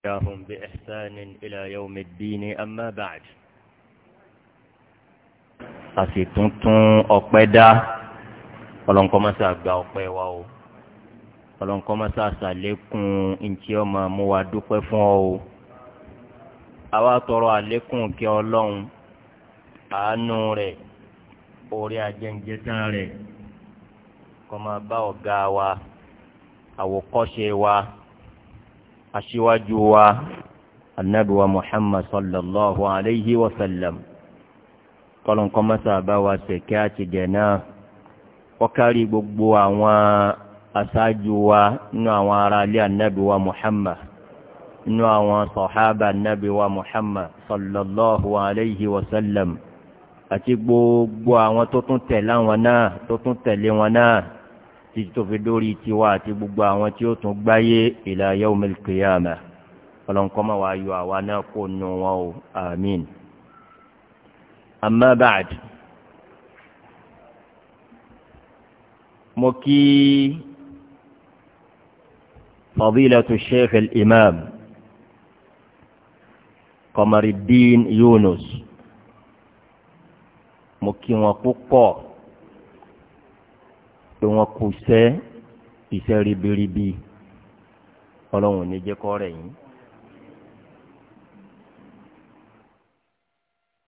إياهم بإحسان إلى يوم الدين أما بعد àfi tuntun ọpẹ́ dá ọlọ́nkọ́ máa ṣe àgbà ọpẹ́ wa o ọlọ́nkọ́ máa ṣe àṣàlékún ntí ọmọ mú wa dúpẹ́ fún ọ o àwa tọrọ àlékún kí ọlọ́run àánú rẹ̀ orí ajẹ́njẹ́tàn rẹ̀ kọ́ máa bá ọ̀gá wa àwòkọ́ṣe wa aṣíwájú wa anabi wa muhammad sallallahu alayhi wa sallam kọlọ́n kọ́mọ́sá bá wa ṣèkẹ́ àtìgẹ̀ náà wọ́n kárí gbogbo àwọn aṣáájú wa nínú àwọn aráalé anabi wa muhammad nínú àwọn sọ̀hábà anabi muhammad sallallahu alayhi wa sallam àti gbogbo àwọn tó tún tẹ̀lé wọn náà títí tó fi dórí tiwa àti gbogbo àwọn tí ó tún gbáyé ìlà yaumil qiyamah ọlọ́nkọ́mọ́ wa yọ àwa náà kó nu wọn o àmín. amma mo kí fadilatu sheikh al-imam qamaruddin yunus mo kí wọn púpọ̀ pé wọn kò sẹ́ iṣẹ́ ribiribi ọlọ́run ò ní jẹ́ kọ́ rẹ̀ yín.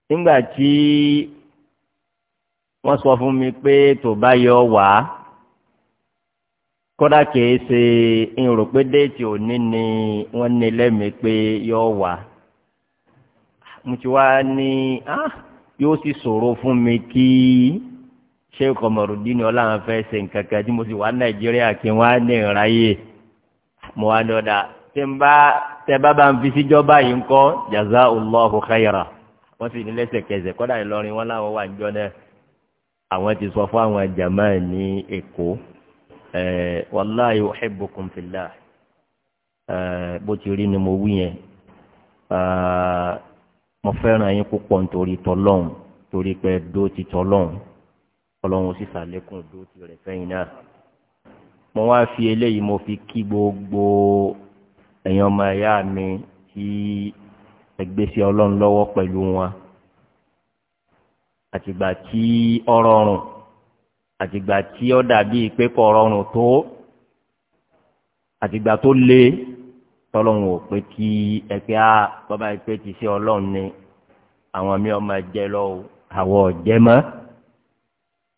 nígbà tí wọ́n sọ fún mi pé tó bá yọ wá kódà kìí ṣe n pé déètì òní ni wọ́n ní lẹ́mìí pé yọ wá mo ti wá ní ah, yóò sì ṣòro fún mi kí ṣé kọmọrùndín ni ọlọ́run fẹ́ ṣe nǹkan kan tí mo sì wá nàìjíríà kí n wá ní ìráyè mo wá ní ọ̀dà tí n bá tẹ bá bá ń fi síjọba yìí ń kọ́ jaza allahu khayra wọ́n sì ní lẹ́sẹ̀kẹsẹ̀ kọ́dà ìlọrin wọn láwọn wà níjọ́ náà àwọn ti sọ fún àwọn jama ní èkó wàláyé ọ̀hẹ́bùkún fìlà bó ti rí ni mo wí yẹn mo fẹ́ràn yín púpọ̀ nítorí tọ́lọ́hún torí pé dó ti tọ́lọ́hún ọlọ́run sì sàlékún ìdó tirẹ̀ fẹ́yìn náà mo wá fi eléyìí mo fi kí gbogbo ẹ̀yàn ọmọ ẹ̀yà mi tí ẹgbẹ́sí ọlọ́run lọ́wọ́ pẹ̀lú wọn àtìgbà tí ọ rọrùn àtìgbà tí ọ dàbí pé kò rọrùn tó àtìgbà tó le tọ́lọ́run ò pé kí ẹgbẹ́ á ah, bọ́bá ẹgbẹ́ ti ṣe ọlọ́run ni àwọn mi ọmọ ẹ̀jẹ̀ lọ́wọ́ àwọ̀ ọ̀jẹ̀ mọ́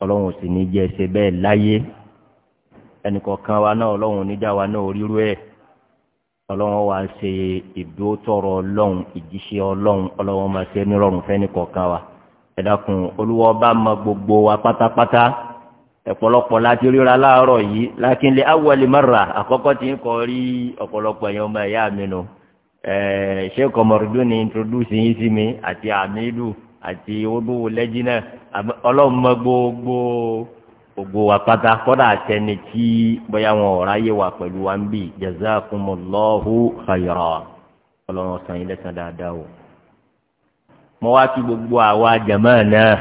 ọlọ́run sì ní jẹ́ ṣe bẹ́ẹ̀ láyé ẹnìkọ̀ọ̀kan wa náà ọlọ́run níjà wa náà ríru ẹ̀ ọlọ́run wa ṣe ìdótọ́rọ̀ ọlọ́run ìjíṣẹ́ ọlọ́run ọlọ́run máa ṣe nírọ̀rùn fẹ́nìkọ̀ọ̀kan wa ẹ̀dàkùn olúwa ọba mọ gbogbo wa pátápátá ẹ̀pọ̀lọpọ̀ láti ríra láàárọ̀ yìí láti lè awọ́lé mọ́ra àkọ́kọ́ tí ń kọ́ rí ọ̀pọ̀lọpọ̀ ẹ̀yàn ọmọ ẹ̀yà mi nù ṣé kọ̀mọ̀rúdún ni introduce yín sí mi àti àmì ìlú àti odò lẹ́jì náà ọlọ́run mọ gbogbo gbogbo wa pátá kọ́dà àtẹni tí bóyá wọn ò ráyè wà pẹ̀lú wa ń bì jẹ̀zá kumọ̀lọ́hù fàyọ̀rọ̀ ọlọ́run ọ̀sán yìí lẹ́sàn dáadáa o. mo wá kí gbogbo àwa jẹ̀mọ́ náà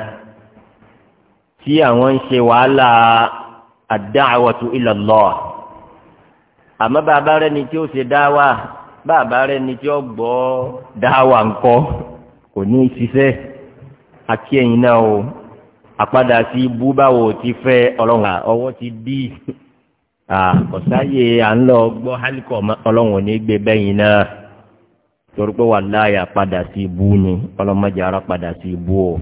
tí àwọn ń ṣe wàhálà àdáwọ̀tú ìlọ̀lọ́ àmọ́ bàbá rẹ ni tí ó ṣe dáwà bàbá rẹ ni tí ó gbọ́ dáwà ńkọ́ kò ní í ṣiṣẹ́. àti ẹ̀yìn náà o àpadà sí ibú báwo ti fẹ́ ọlọ́run ọwọ́ ti dí àkọsáyé à ń lọ gbọ́ hálíkọ̀ ọlọ́run ò ní gbé bẹ́yìn náà wà láàyè àpadà sí ibú ni ọlọ́mọdé ara padà sí ibú o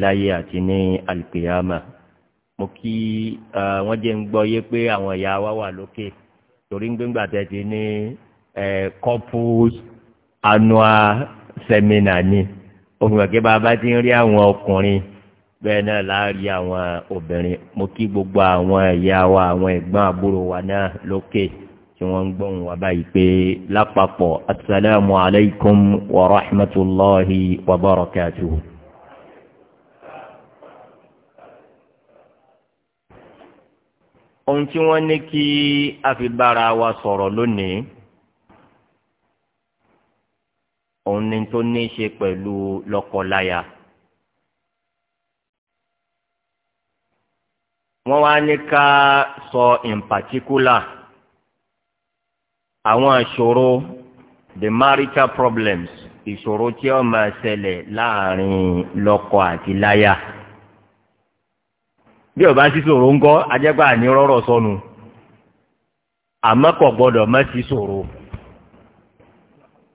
láyé àti ní alìkèyàmà mo kí wọ́n jẹ́ ń gbọ́ yé wa wà lókè torí gbẹ́ngbà ní òfin ọ̀kẹ́ bàbá ti ń rí àwọn ọkùnrin bẹ́ẹ̀ náà láàrí àwọn obìnrin mo kí gbogbo àwọn ẹ̀yà wa àwọn ẹ̀gbọ́n àbúrò wa náà lókè tí wọ́n ń gbóhùn wa báyìí pé lápapọ̀ asalaamu alaykum wa rahmatulahi wa barakatuhu. ohun tí wọ́n ní kí a fi bára wa sọ̀rọ̀ lónìí. òun ni tó ní í ṣe pẹ̀lú lọ́kọláya. wọ́n wá ní ká sọ in particular àwọn ìṣòro the marital problems ìṣòro tí ó máa ṣẹlẹ̀ láàrin lọ́kọ àti láya. bí ọba sí ṣòro ń gọ́ ajẹ́gbà ní rọ́rọ̀ sọnù àmọ́ kò gbọ́dọ̀ má sí ṣòro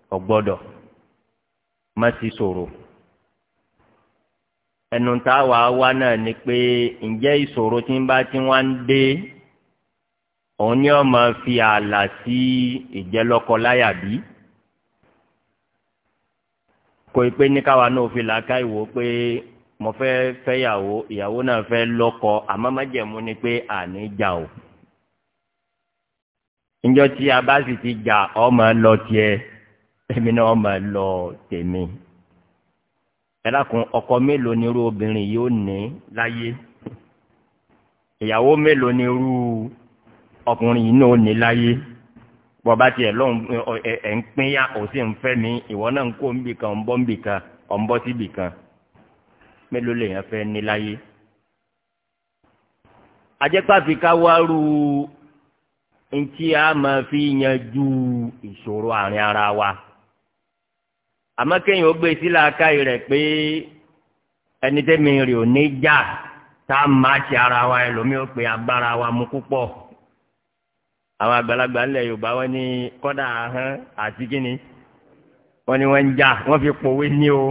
kò má ti sòrò ẹnu tá a wà á wá náà ni pé ǹjẹ́ ìṣòro tí ń bá tí wọ́n ń dé òun ni ọmọ fi ààlà sí ìjẹ́lọ́kọ láyà bí kò í pé ní náà fi làákà ìwò pé mo fẹ́ fẹ́yàwó ìyàwó náà fẹ́ lọ́kọ àmọ́ májẹ̀mú ni pé àní jà o. ǹjọ́ tí a bá sì ti jà ọmọ lọ tiẹ̀ èmi náà máa lọ tèmi ẹlákun ọkọ mélòó ni irú obìnrin yìí ó ní láyé ìyàwó mélòó ni irú ọkùnrin yìí náà ó ní láyé bọba tiẹ̀ lọhùn ẹ ń pínyà ò sì ń fẹ́ mi ìwọ náà ń kó ń bì ń bọ́ ń bì ọ̀ ń bọ́ sí bì kan mélòó lèèyàn fẹ́ ní láyé ajẹ́pàfi ká wárú ntí a máa fi yanjú ìṣòro àárín ara wa àmọ́ kéèyàn ó gbé sí làákàyè rẹ̀ pé ẹni tẹ́mi rè ò ní já tá a máa ṣe ara wa ẹlòmíì ó pe agbára wa mu púpọ̀ àwọn àgbàlagbà ńlẹ̀ yorùbá wọn ní kọ́dà ahọ́n àti kíni wọ́n ní wọ́n ń já wọ́n fi pòwe ní o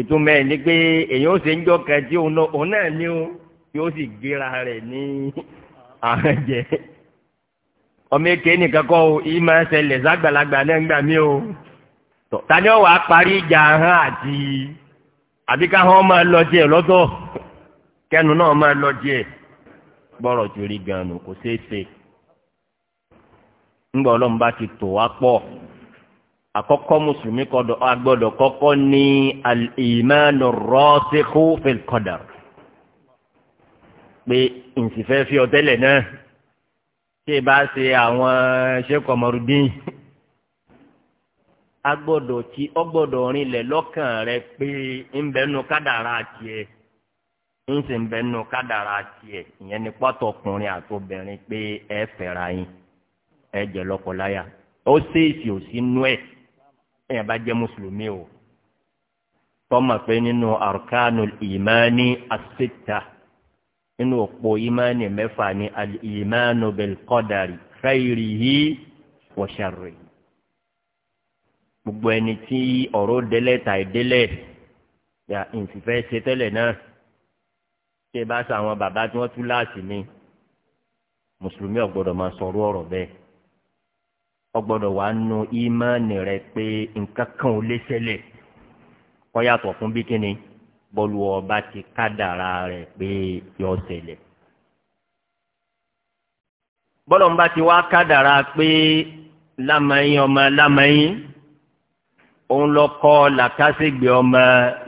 ìtumọ̀ ẹ̀ ni pé èyàn ó ṣe ń jọ kẹtí òun náà ní o yóò sì gbéra rẹ̀ ní àhán jẹ ọmọ èké nìkan kọ́ ìmọ̀ ẹsẹ̀ lẹ̀ sàgbàlagbà náà ń gbà mí o tọ́ tani ọ̀wà parí ìjà hàn àti àbí káwọn máa lọ jẹ lọ́tọ̀ kẹnu náà máa lọ jẹ bọ́rọ̀ tó rí gan nù kò ṣeé ṣe ńgbà ọlọ́run bá ti tò wá pọ̀ àkọ́kọ́ mùsùlùmí kọ́dọ̀ agbọ́dọ̀ kọ́kọ́ ní al-imanu rasikhu pé nsìfẹ́ fi ọ̀tẹ́lẹ̀ náà ṣé bá ṣe àwọn ṣé agbọ́dọ̀ tí ọgbọ́dọ̀ rinlẹ̀ lọ́kàn rẹ pé ńbẹ́nu kádàrá tiẹ̀ ńsì ńbẹ́nu kádàrá tiẹ̀ ìyẹn ni pọ́tọ̀ ọkùnrin àtobìnrin pé ẹ fẹ́ra yín ẹ jẹ́ lọ́kọláya ó ṣèèṣì ò sí nú ẹ̀ ẹ̀yìn bá jẹ́ mùsùlùmí o tọ́mọ̀ pé nínú arkanu ìmáni asita nínú òpó ìmáni mẹ́fà ni al ìmánu bil kọ́dàrí khairihi gbogbo ẹni tí ọ̀rọ̀ délẹ̀ tà délẹ̀ yà ǹsì fẹ́ ṣe tẹ́lẹ̀ náà ṣé bá sọ àwọn bàbá tí wọ́n tú láàsì ni mùsùlùmí ọ̀gbọ́dọ̀ máa sọ̀rọ̀ ọ̀rọ̀ bẹ́ẹ̀ ọ̀gbọ́dọ̀ wàá nu ímánì rẹ pé nǹkan kan ò lè ṣẹlẹ̀ kọ́ yàtọ̀ fún bí kíni bọ́lú ọba ti kádàrá rẹ̀ pé yọ ṣẹlẹ̀ bọ́lọ̀ ń bá ti wá kádàrá pé lámàyín ọmọ lámàyín òun lọ kọ́ làkàṣègbè ọmọ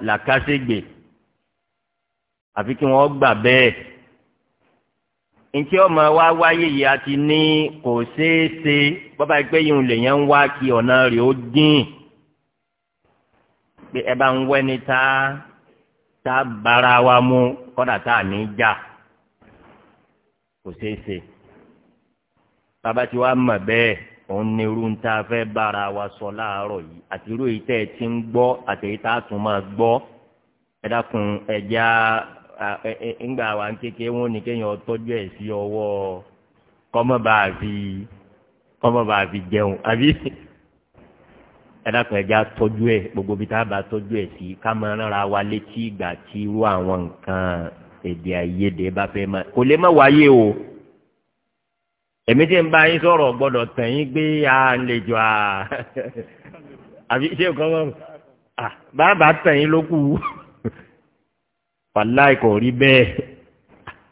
làkàṣègbè àfi kí wọ́n gbà bẹ́ẹ̀ ntí ọmọ wa wáyé yìí a ti ní kò ṣeé ṣe bọ́bá ẹgbẹ́ yìí ń ń wá kí ọ̀nà rẹ̀ ó dín pé ẹ bá ń wẹ́ni tá tá bára wa mú kọ́dà tá à ní já kò ṣeé ṣe bàbá tí wàá mọ̀ bẹ́ẹ̀ òun ni irú ń tá a fẹ́ bára wa sọ láàárọ̀ yìí àti irú èyí tẹ́ ẹ ti ń gbọ́ àti èyí tá a tún máa gbọ́ ẹ dákun ẹja ńgbà wa ń kékeré wọn ni kéèyàn tọ́jú ẹ̀ sí ọwọ́ kọ́mọ́bà àfi kọ́mọ́bà àfi jẹun àbí ẹ dákun ẹja tọ́jú ẹ̀ gbogbo bí tá tọ́jú ẹ̀ sí ká máa rárá wa létí ìgbà tí irú àwọn nǹkan èdè àìyedè bá fẹ́ máa kò lè má wáyé o. èmi tí ń bá yín sọ̀rọ̀ gbọ́dọ̀ tẹ̀ yín gbé à ń lè jọ à àbí ṣé o kàn wọ́n bàbá tẹ̀ yín ló kù wàláì kò rí bẹ́ẹ̀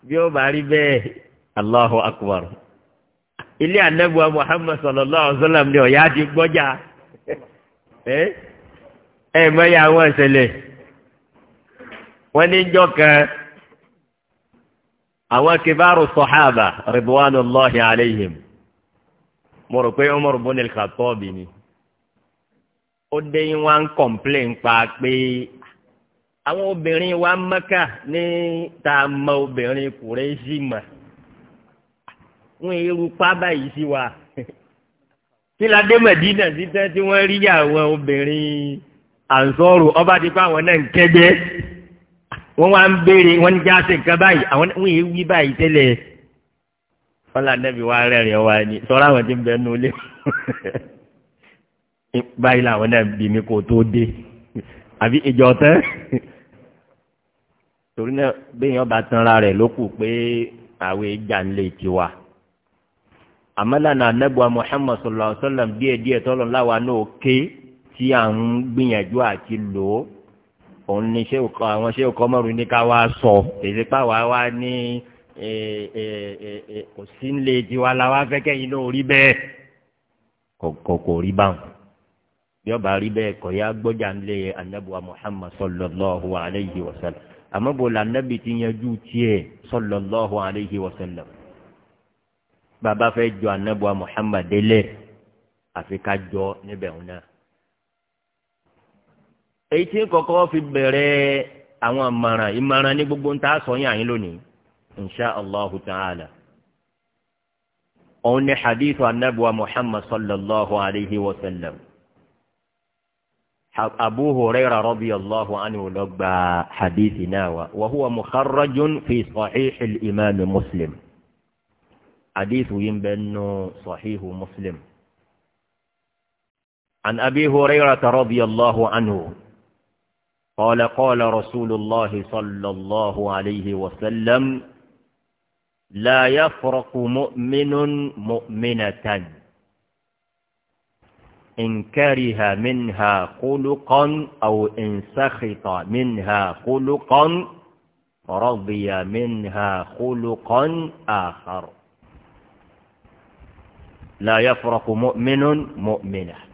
bí ó bá rí bẹ́ẹ̀ ilé muhammed sallallahu wa sallam ni ọ̀yá ti ya wọ́n ní àwọn kibaru sọ̀hábà ridwanullahi alayhim mo rò pé Umar ibn al-Khattab ni ó dé wá ń kọ̀m̀plẹ̀n pa pé àwọn obìnrin wa Mẹ́kà ní tá a mọ obìnrin Kùrẹ́ṣì mọ̀ wọn irú pábà yìí sí wa kí la dé Mẹ̀dínà títẹ́ tí wọ́n rí àwọn obìnrin àǹsọ́rù ọba ti pa àwọn náà ń kẹ́gbẹ́ wọ́n wá ń béèrè wọ́n ní jáse nǹkan báyìí àwọn wọ́n yìí wí báyìí tẹ́lẹ̀ ọlá nẹ́bí wa rẹ̀rìn wa ni sọ́ra àwọn tí ń bẹ nu ilé báyìí làwọn náà bí mi kò tó dé àbí ìjọ tán torí náà bẹ́ẹ̀ ọba tanra rẹ̀ ló kù pé àwọn ìjà ń lè tiwa àmàlànà anábùwà muhammad sallallahu alayhi wa sallam díẹ̀díẹ̀ tọ́lọ́ láwa náà ké tí à ń gbìyànjú àti lò ó òun ni àwọn ṣé òkọ́ mọ́rù ní ká wá sọ èsì páwa wá ní kò sí ń lè tiwa la wá fẹ́ kẹ́yìn náà rí bẹ́ẹ̀ kò kò rí báwọn bí ọba rí bẹ́ẹ̀ kọ̀ ya gbọ́jà ń lé muhammad sallallahu alayhi wa sallam àmọ́ bò la anabi ti yanjú tiẹ̀ sallallahu alayhi wa sallam bàbá fẹ́ jọ anabuwa muhammad délẹ̀ àfi ká jọ níbẹ̀ wọn náà èyí tí kọ́kọ́ fi bẹ̀rẹ̀ àwọn ìmọ̀ràn ìmọ̀ràn ní gbogbo ń ta sọ yín àyín lónìí insha allah ta'ala òun ni hadith anabuwa muhammad sallallahu alayhi wa sallam abu huraira rabi allahu anhu ló gba hadith náà wa wa huwa mukharrajun fi sahih al-imam muslim hadith yìí ń sahih muslim. عن أبي هريرة رضي الله عنه قال قال رسول الله صلى الله عليه وسلم لا يفرق مؤمن مؤمنة إن كره منها خلقا أو إن سخط منها خلقا رضي منها خلقا آخر لا يفرق مؤمن مؤمنه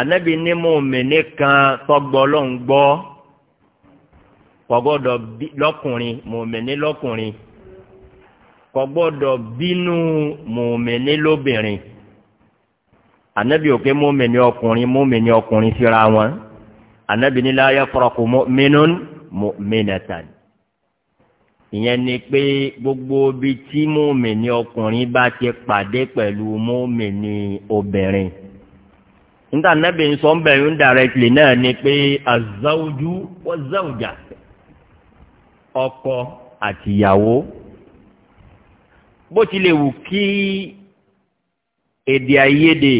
anabi ní mòmìnì kan tọgbọ ló ń gbọ kọgbọdọ bí lọkùnrin mòmìnì lọkùnrin kọgbọdọ bínú mòmìnì lóbìnrin anabi òkè mòmìnì ọkùnrin mòmìnì ọkùnrin síra wọn anabi ní láyé fọrọkù mọmìnún mọmìnàtàn ìyẹn ni pé gbogbo bíi tí mòmìnì ọkùnrin bá ti pàdé pẹ̀lú mòmìnì obìnrin níta nẹ́bí ń sọ ń bẹ̀rù ń dàrẹ́tìlì náà ni pé àzáwójú wọ́n záwòjà ọkọ àtìyàwó bó tilẹ̀ wù kí èdè àìyedè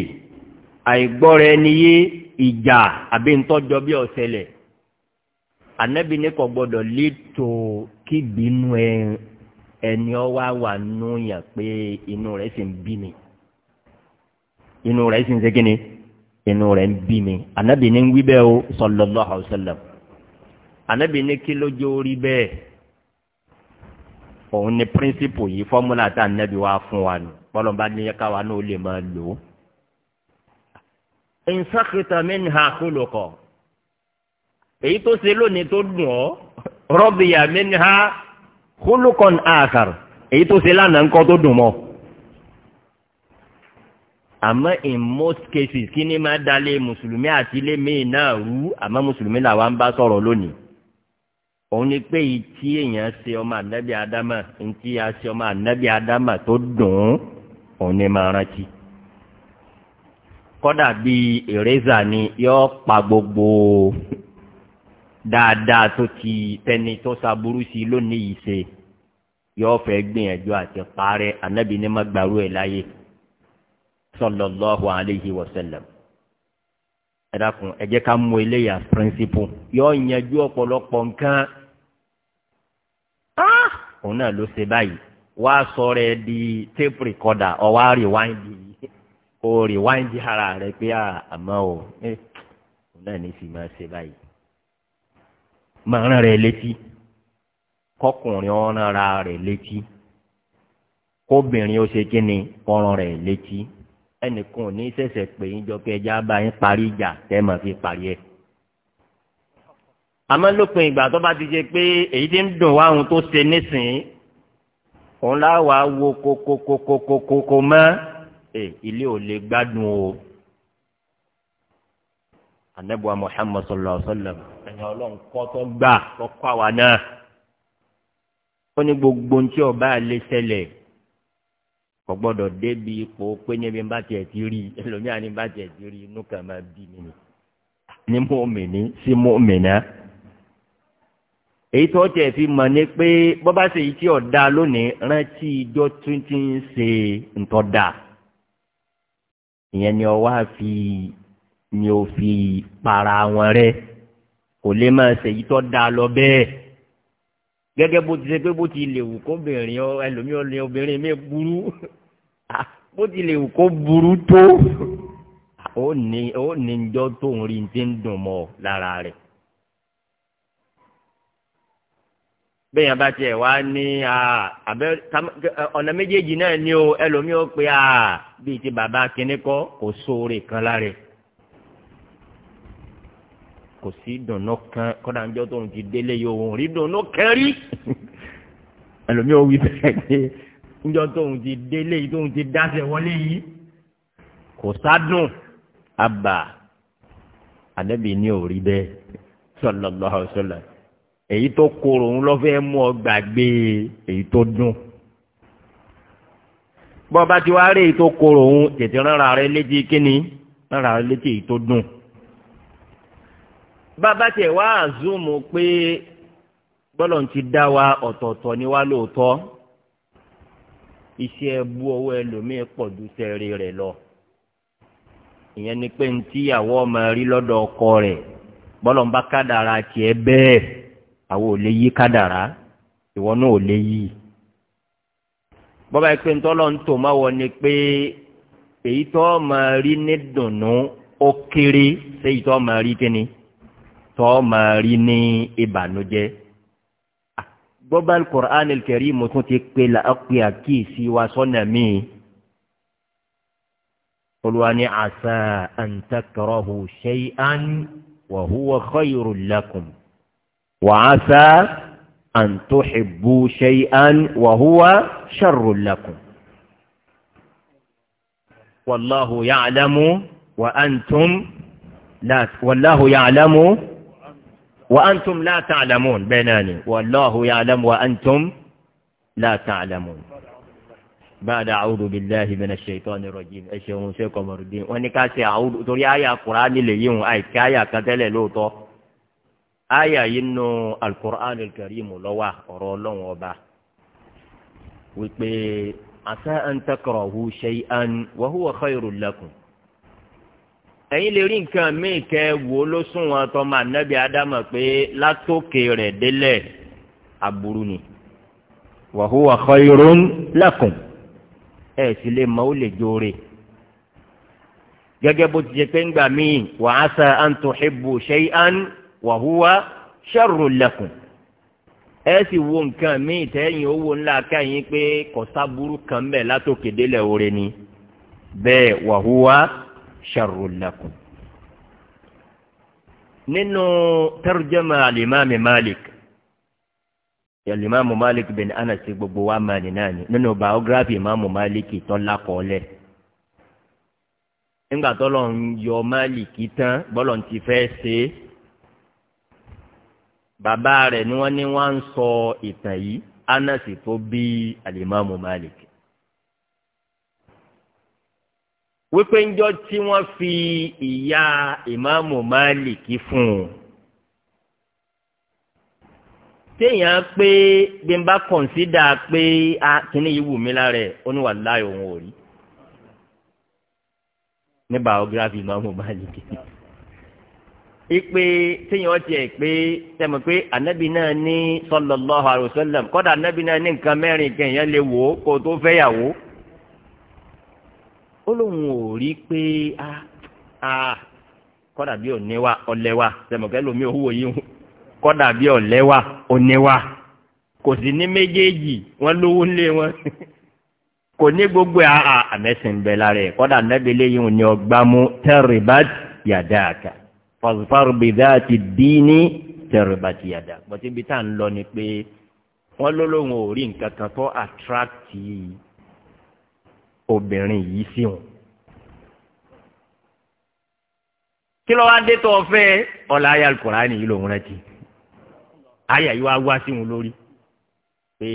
àìgbọ́ra ẹni yé ìjà àbí ntọ́jọ́ bí ọ̀sẹ̀lẹ̀ ànẹ́bí ní kò gbọ́dọ̀ létò kíbinú ẹni ọwá wà nù yàn pé inú rẹ̀ sì ń bí mi inú rẹ̀ sì ń ṣe ni inú rẹ̀ ń bí mi ànábì ní wí bẹ́ẹ̀ o sọlọ́lọ́ àwùsọ̀lọ́ ànábì ní kí lójú orí bẹ́ẹ̀ òun ni píríncípù yìí fọ́múlà tá ànábì wá fún wa nù bọ́lọ̀ bá ní káwa náà ó lè máa lò ó. ìnsákìtà mi ń ha kúlò kọ̀ èyí tó ṣe lónìí tó dùn ọ́ rọ́bìyà mi ń ha kúlò kọ̀ ní àkàr èyí tó ṣe lánàá ńkọ́ tó dùn mọ́ àmọ́ in most cases kí ni máa dalé mùsùlùmí àti ilé míì náà rú àmọ́ mùsùlùmí làwa ń bá sọ̀rọ̀ lónìí òun ni pé yìí tí èèyàn ṣe ọmọ ànábì ádámà ntí a ṣe ọmọ ànábì ádámà tó dùn ún òun ni máa rántí kọ́dà bíi ìrẹ́zà ni yọ́ pa gbogbo dáadáa tó ti tẹni tó ṣàbúrú sí lónìí yìí ṣe yọ́ fẹ́ gbìyànjú àti parẹ́ ànábì ní má gbàrú ẹ̀ láyé sọlọlọhu aleyhi wa sẹlẹm ẹ dákun ẹ jẹ ká mú eléyà píríncípù yóò yanjú ọ̀pọ̀lọpọ̀ nǹkan ah! òun náà ló ṣe báyìí wá sọ̀rọ̀ ẹ di tape recorder ọwọ àríwáǹdì kò ríwáǹdì ara rẹ pé àmọ́ o eh, òun náà ní fi máa ṣe báyìí máa rán rẹ létí kọkùnrin ọ̀ràn ara rẹ létí kóbìnrin ó ṣe kí ọ̀ràn rẹ létí ẹnìkan ò ní sẹ̀sẹ̀ pè yín jọ pé ẹja bá yín parí ìjà tẹ́ mà fi parí ẹ̀. àmọ́ lópin ìgbà tó bá ti ṣe pé èyí ti ń dùn wá ohun tó ṣe nísìnyí òun láwa wo kokokokokokoko mọ́ ẹ ilé ò lè gbádùn o. anabuwa muhammadu sallallahu alaihi wa ọlọ́run kọ́ tó gbà tó kọ́ àwa náà ó ní gbogbo ohun tí ọba lè ṣẹlẹ̀ kò gbọ́dọ̀ débi ipò pé níbi bá tiẹ̀ ti rí ẹlòmíà ní bá tiẹ̀ ti rí inú kan máa bí mi ni ní mòmìnì sí mòmìnà èyí tó tẹ̀ fi mọ̀ ni pé bọ́ bá ṣe yìí tí ọ̀dà lónìí rántí ijó tún ti ń ṣe ntọ́da ìyẹn ni ọwọ́ àfi ni ò fi para wọn rẹ kò lè máa ṣe yìí tó dáa lọ bẹ́ẹ̀ gẹ́gẹ́ bó ti ṣe pé bó ti lè wù kóbìnrin ẹlòmíọ́ lè obìnrin mi burú bó tilẹ̀ wù kó burú tó ó ní ó ní njọ́ tó ń rí ti ń dùn mọ́ lára rẹ̀. bẹ́ẹ̀ yẹn bá tiẹ̀ wá ní abẹ́ ọ̀nà méjèèjì náà ni o ẹlòmíì ó pe bíi ti bàbá kínní kọ́ kò sóore kan lára rẹ̀ kò sí dùnú kan kọ́dà ńjọ́ tó ń ti délé yìí rí dùnú kẹ́rí ẹlòmíì ó wí bẹ́ẹ̀ pé níjọ́ tóun ti délé yìí tóun ti dáṣẹ wọlé yìí kò sádùn àbà ànábì ní òrí bẹ́ẹ̀ sọlọlọ sọlọ èyí tó korò ń lọ fẹ́ mú ọ gbàgbé èyí tó dùn bọ́ba ti wá rí èyí tó korò ń tètè rárá rẹ létí kíni rárá rẹ létí èyí tó dùn bàbá tiẹ̀ wá àzúmù pé bọ́lọ̀ ń ti dá wa ọ̀tọ̀ọ̀tọ̀ ni wá lóòótọ́ iṣẹ́ ẹbú ọwọ́ ẹlòmíì pọ̀ ju tẹ̀rẹ̀ rẹ̀ lọ. ìyẹn ni pé ntíyàwó ọmọ rí lọ́dọ̀ ọkọ rẹ̀ bọ́lọ̀ ń bá kádàrá tiẹ̀ bẹ́ẹ̀ àwọn ò lè yí kádàrá ìwọ náà ò lè yí. bọ́bá yìí pé ntọ́lọ́ ń tò máwọ ni pé èyí tó ọmọ rí ní dùnnú ó kéré sí èyí tó ọmọ rí kíni tó ọmọ rí ní ìbànújẹ́. bọ́bá alukur'an kẹrí mo tún ti pe la ọ̀pẹ àkíyèsí wa sọ́nà mi. olùwà ni àṣà àǹtakọ̀rọ̀hù ṣẹ́yán wàhúwà kọ́yìrù lakum wà á sá àǹtóhìbù ṣẹ́yán wàhúwà ṣàrù lakum. wàláhù yàlámù wà á tún wàláhù yàlámù. wa antum la ta'lamun bẹ́ẹ̀ náà ni wallahu ya'lam wa antum la ta'lamun. báyìí àwùdù bíláhi bẹ́ẹ̀ náà ṣètò ní rọ̀jìn ẹ ṣeun ṣe kọmọrùdín wọn ni ká ṣe àwùdù torí àyà kùránì lè yíwọn àìkí àyà kan tẹ́lẹ̀ lóòótọ́ àyà yìí nù alukur'an karimu lọ́wọ́ ọ̀rọ̀ ọlọ́run ọba wípé asa an takarahu shay'an wa huwa khayrun lakum ẹ̀yin lè rí nǹkan míì kẹ́ wò ó ló sún wọn tọ́ máa nẹ́bí ádámà pé látòkè rẹ̀ délẹ̀ aburú ni wàhùwà khairun lakum ẹ̀ sì lè mọ ó lè jóore gẹ́gẹ́ bó ti jẹ́ pé ńgbà míì wa asa an tuhibbu shay'an wàhùwà sharrun lakum ẹ sì wo nǹkan míì tẹ́yìn owó ńlá káyín pé kọ̀sáburú kan bẹ̀ látòkè délẹ̀ oore ni bẹ́ẹ̀ wàhùwà sharrun lakum. nínú tarjama alimami malik alimami malik bin anas gbogbo wa máa nínú àná nínú biography imaamu malik tọ́lá kọ́lẹ̀ nígbà tọ́lọ̀ ń yọ malik tán bọ́lọ̀ ti fẹ́ ṣe é bàbá rẹ̀ ni wọ́n ní wọ́n ń sọ ìtàn yìí anasi tó bí alimami malik wípé ńjọ tí wọ́n fi ìyá ìmáàmù máàlìkì fún un téèyàn pé bí n bá kọ̀ǹsídà pé a ah, kìíní yìí wù mí lára ẹ̀ ó ní wà láàyè òun ò rí ní biography ìmáàmù máàlìkì ipe téèyàn tiẹ̀ pé tẹ̀mọ̀ pé anabi náà ní sọlọ́lọ́hu àròsọ́lẹ̀m kọ́dà anabi náà ní nǹkan mẹ́rin kẹ̀yìn lè wò ó kó o tó fẹ́ yàwó ó lóun ò rí pé a ah, a ah, kọ́dà bí òníwà ọ̀lẹ́wà sẹ̀mọ̀kẹ́ lomi owó yìí kọ́dà bí ọ̀lẹ́wà òníwà kò sí ní méjèèjì wọ́n lówó lé wọn kò ní gbogbo àà ah, àmẹ́sìn bẹ̀ lára ẹ̀ kọ́dà nẹ́bẹ̀lẹ́ yìí ni ọgbà mú tẹ́rìbát yàdáàkà fọ́sùfárù bìdá ti dín ní tẹ́rìbát yàdá bọ́tí bí tá à ń lọ ni pé wọ́n lólóhùn ò rí nǹkan kan tó àtrákì yìí obìnrin yìí sí wọn. kí ló wá dé tó o fẹ́ ọ̀la ayé alukurani yìí lòun rántí ayé yìí wá wá sí wọn lórí pé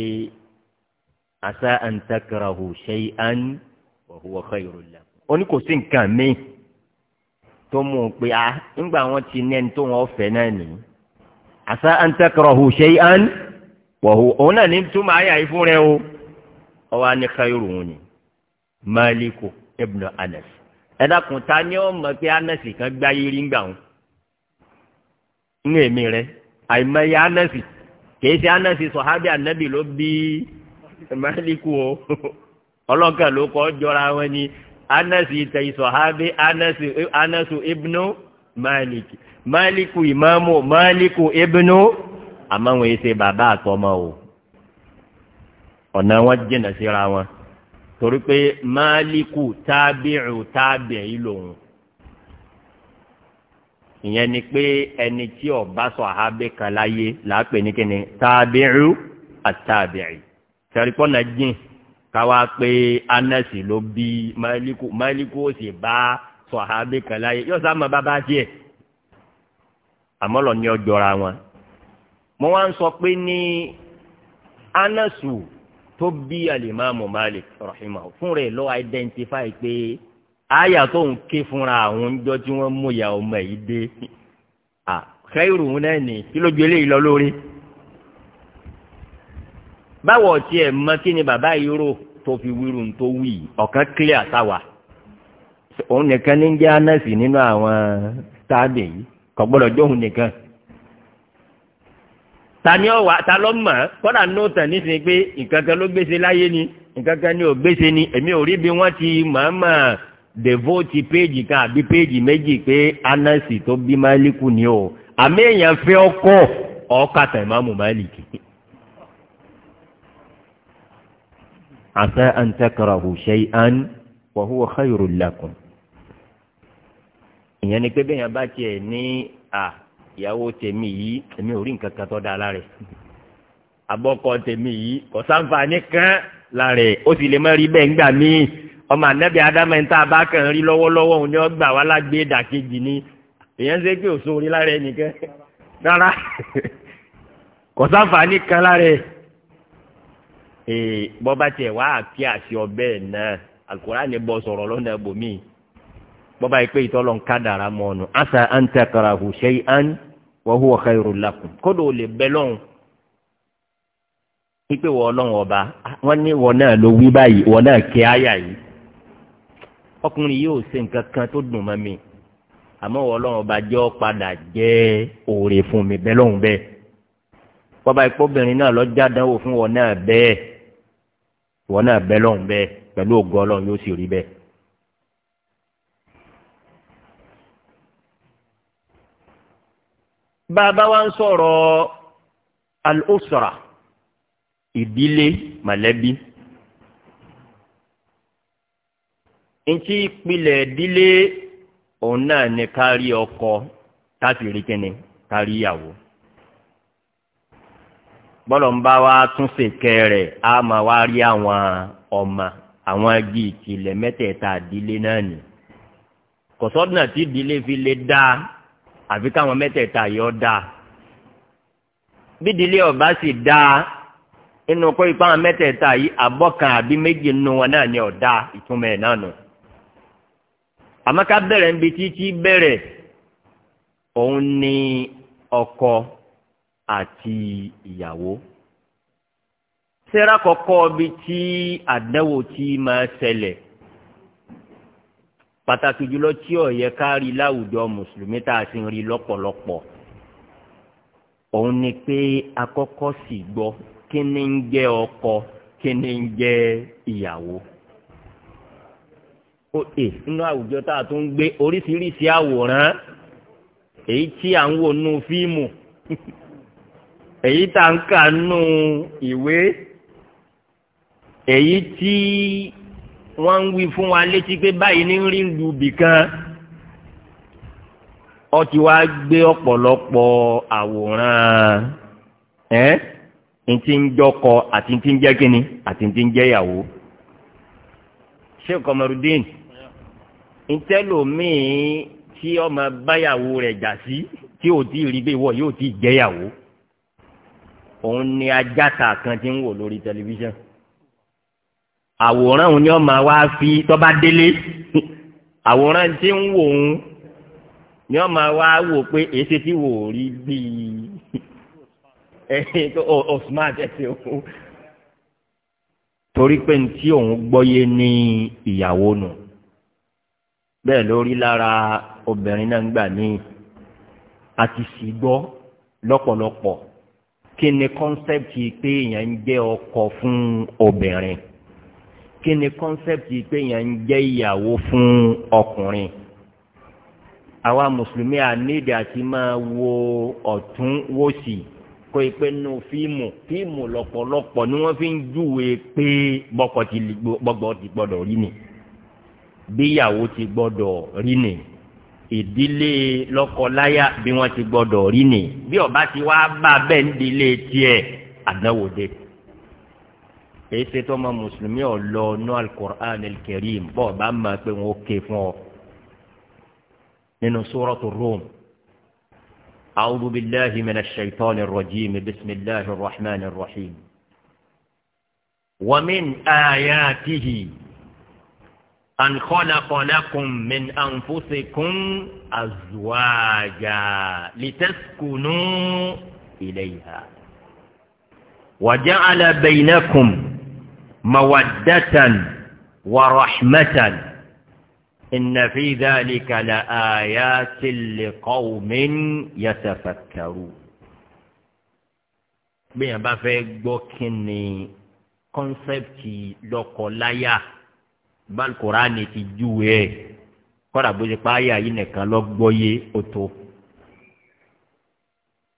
asa an takrahu shay'an wa huwa khayrun lak ó ní kò sí nǹkan mi tó mú un pé a ah, ńgbà wọn ti ní tó wọn fẹ́ náà nìyí asa an takrahu shay'an wa huwa òun náà ní túmọ̀ ayé yìí fún rẹ o ọwọ́ á ní khayrun ni maliku ibnu anas ẹ dákun ta ni ó mọ̀ pé anas kan gbáyé rí ń gbà wọn nínú èmi rẹ àìmọye anas kìí ṣe anas sọ̀hábì anabi ló bí maliku o ọlọ́kàn ló kọ́ jọra wọn ni anas tẹ̀yì sọ̀hábì anas ibnu maliki maliku imamu maliku ibnu àmọ́ wọn ṣe bàbá àtọmọ o ọ̀nà wọn jìnnà síra wọn torí pé máàlíkù tábìrù tábìrì lòun ìyẹn ni pé ẹni tí ọba sọ àhábẹ kan láyé làápẹ ní kíni tábìrù àtàbìrì sẹríkọ́nà jìn káwá pé anẹ́sì ló bí máàlíkù máàlíkù ó sì bá sọ àhábẹ kan láyé yóò sá mọ bàbá tiẹ̀ àmọ́ lọ ní ọjọ́ra wọn mo wá ń sọ pé ní anẹ́sù tó bí alimami malik rahimahu fún rẹ lọ identify pé àyà tó ń ké fúnra àwọn jọ tí wọn mú ìyá ọmọ yìí dé à kẹrù náà nì kí ló gbélé yìí lọ lórí. báwo tiẹ̀ mọ kí ni bàbá yìí rò tó fi wíru tó wì ọ̀kan clear sáwà òun nìkan ní jẹ́ anẹ́sì nínú àwọn táàbì yìí kò gbọ́dọ̀ jóhun nìkan tani ọwà ta lọ mọ kọ́dà nóòtàn nísìnyí pé nkankan ló gbèsè láyé ni nkankan ni ò gbèsè ni èmi ò rí bí wọ́n ti màmá devote péjì kan àbí péjì méjì pé anasi tó bí máàlíkù ni o àmì èèyàn fẹ́ ọkọ ọkàtà ìmáàmù máàlíkì. àṣà àǹtakàràhù ṣẹ́yìn wàhùwà khayru lakum. ìyẹn ni pé bẹ́ẹ̀ yẹn bá tiẹ̀ ní à ìyàwó tèmi yìí èmi ò rí nǹkan kan tó dáa lára ẹ̀ abọ́kọ tèmi yìí kò sáǹfààní kan lára ẹ̀ ó sì lè má rí bẹ́ẹ̀ ńgbà míì ọmọ ànábì ádámẹ́ ń tá a bá kàn rí lọ́wọ́lọ́wọ́ òun ni ó gbà wá lágbé dàkejì ni èèyàn ṣe pé òṣò orí lára ẹ̀ nìkan rárá kò sáǹfààní kan lára ẹ̀ bọ́bá tiẹ̀ wá àti àṣẹ ọbẹ̀ náà àkùrá ni bọ́ sọ̀rọ̀ lọ́nà ibòmíì bọ́ba yìí pé ìtọ́lọ̀ ń ká dàrá mọ́ ọ̀nà àṣà àǹtẹ̀kàrà hù ṣe é án wọ́n hùwà ká irun lakùn kódò ò lè bẹ́ lọ́hùn. wípé wọ́n ọlọ́run ọba wọ́n ní wọ́n náà ló wí báyìí wọ́n náà kí áyà yìí. ọkùnrin yìí ò ṣe nǹkan kan tó dùn mọ́ mi àmọ́ wọ́n ọlọ́run ọba jẹ́ ọ́ padà jẹ́ òòrè fún mi bẹ́ lọ́hùn bẹ́ẹ̀. bọ́ba yìí pọ́bìnrin náà lọ́jà dánwò fún wọ́n náà bẹ́ẹ̀ wọ́n náà bẹ́ lọ́hùn bẹ́ẹ̀ pẹ̀lú ògùn ọlọ́run yóò sì rí bẹ́ẹ̀. bàbá wa ń sọ̀rọ̀ al-usra ìdílé mọ̀lẹ́bí ntí ìpìlẹ̀ ìdílé òun náà ni kárí ọkọ káfí rí kíni kárí ìyàwó bọ́lọ̀ ń bá wa tún ṣèkẹ́ rẹ̀ á máa wá rí àwọn ọmọ àwọn agi ìkìlẹ̀ mẹ́tẹ̀ẹ̀ta ìdílé náà nì kọ̀sọ́dúnà tí ìdílé fi lè dáa àfi káwọn mẹ́tẹ̀ẹ̀ta yọ dáa bídìlé ọba sì dáa inú kó ipá àwọn mẹ́tẹ̀ẹ̀ta yìí abọ́kan àbí méjì nínú wọn náà ni ọ̀dá ìtumọ̀ ẹ̀ náà nù àmọ́ ká níbi títí bẹ̀rẹ̀ òun ni ọkọ àti ìyàwó sẹ́rà kọ́kọ́ bíi tí àdánwò tí máa ṣẹlẹ̀ pàtàkì jùlọ tí ò yẹ ká rí láwùjọ mùsùlùmí tá a sì ń rí lọ́pọ̀lọpọ̀ òun ni pé akọ́kọ́ sì gbọ́ kí ni ń jẹ́ ọkọ kí ni ń jẹ́ ìyàwó ó è nínú àwùjọ tá a tún gbé oríṣiríṣi àwòrán èyí tí à ń wò nú fíìmù èyí tá à ń kà nú ìwé èyí tí wọ́n ń wí fún wa létí pé báyìí ní rí lu bìkan ó ti wá gbé ọ̀pọ̀lọpọ̀ àwòrán ẹ́ ntí ń jọkọ àti ntí ń jẹ́ kínní àti ntí ń jẹ́ ìyàwó. sheikh omarudin ntẹ́lòmíì tí ọmọ báyàwó rẹ̀ jà sí tí ò tí ì rí bẹ́ẹ̀ wọ yóò tí ì jẹ́yàwó òun ni ajáta kan ti ń wò lórí tẹlifíṣàn àwòrán òun ni ọ máa wá fi tọ́ba délé àwòrán tí ń wò òun ni ọ máa wá wò pé èsì tí wò ó rí bíi ẹ̀hìn tó ọ̀ smart ẹ̀sìn òun torí pé ní tí òun gbọ́yé ní ìyàwó nù bẹ́ẹ̀ lórí lára obìnrin náà ń gbà ní àti sì gbọ́ lọ́pọ̀lọpọ̀ kí ni kọ́nsẹ́pì pé èèyàn ń jẹ́ ọkọ fún obìnrin kí ni concept pé yẹn ń jẹ́ ìyàwó fún ọkùnrin àwa mùsùlùmí àníìdí àti máa wo ọ̀tún wò sí kó e pé nínú fíìmù fíìmù lọ́pọ̀lọpọ̀ ni wọ́n fi ń júwe pé bọ́kọ ti gbọ́dọ̀ ti gbọ́dọ̀ rí ni bíyàwó ti gbọ́dọ̀ rí ni ìdílé lọ́kọláya bí wọ́n ti gbọ́dọ̀ rí ni bí ọba ti wá bá bẹ́ẹ̀ ń dilé tiẹ̀ àdánwò èsì tó mọ mùsùlùmí ọ̀lọ́ nú alukur'an kẹrìm bọ́ bá ma pé wọn ó ké fún ọ nínú sórọ́tù rom awudu bilahi mina shaitan rajim bisimilahi rahman rahim wamin ayatihi an kọlakọlakun min anfusikun azuwaja litaskunu ilayha ala alẹ́ kun. mawaddatan wa rahmatan inna fi dhalika la ayatin li qawmin yatafakkaru. bí yẹn bá fẹ́ gbọ́ kí ni kọ́nsẹ́pìtì lọ́kọ̀láyà balùkùránì ti júwe ẹ̀ kọ́dà bó ṣe pa àyà yìí nìkan lọ́gbọ́yé ó tó.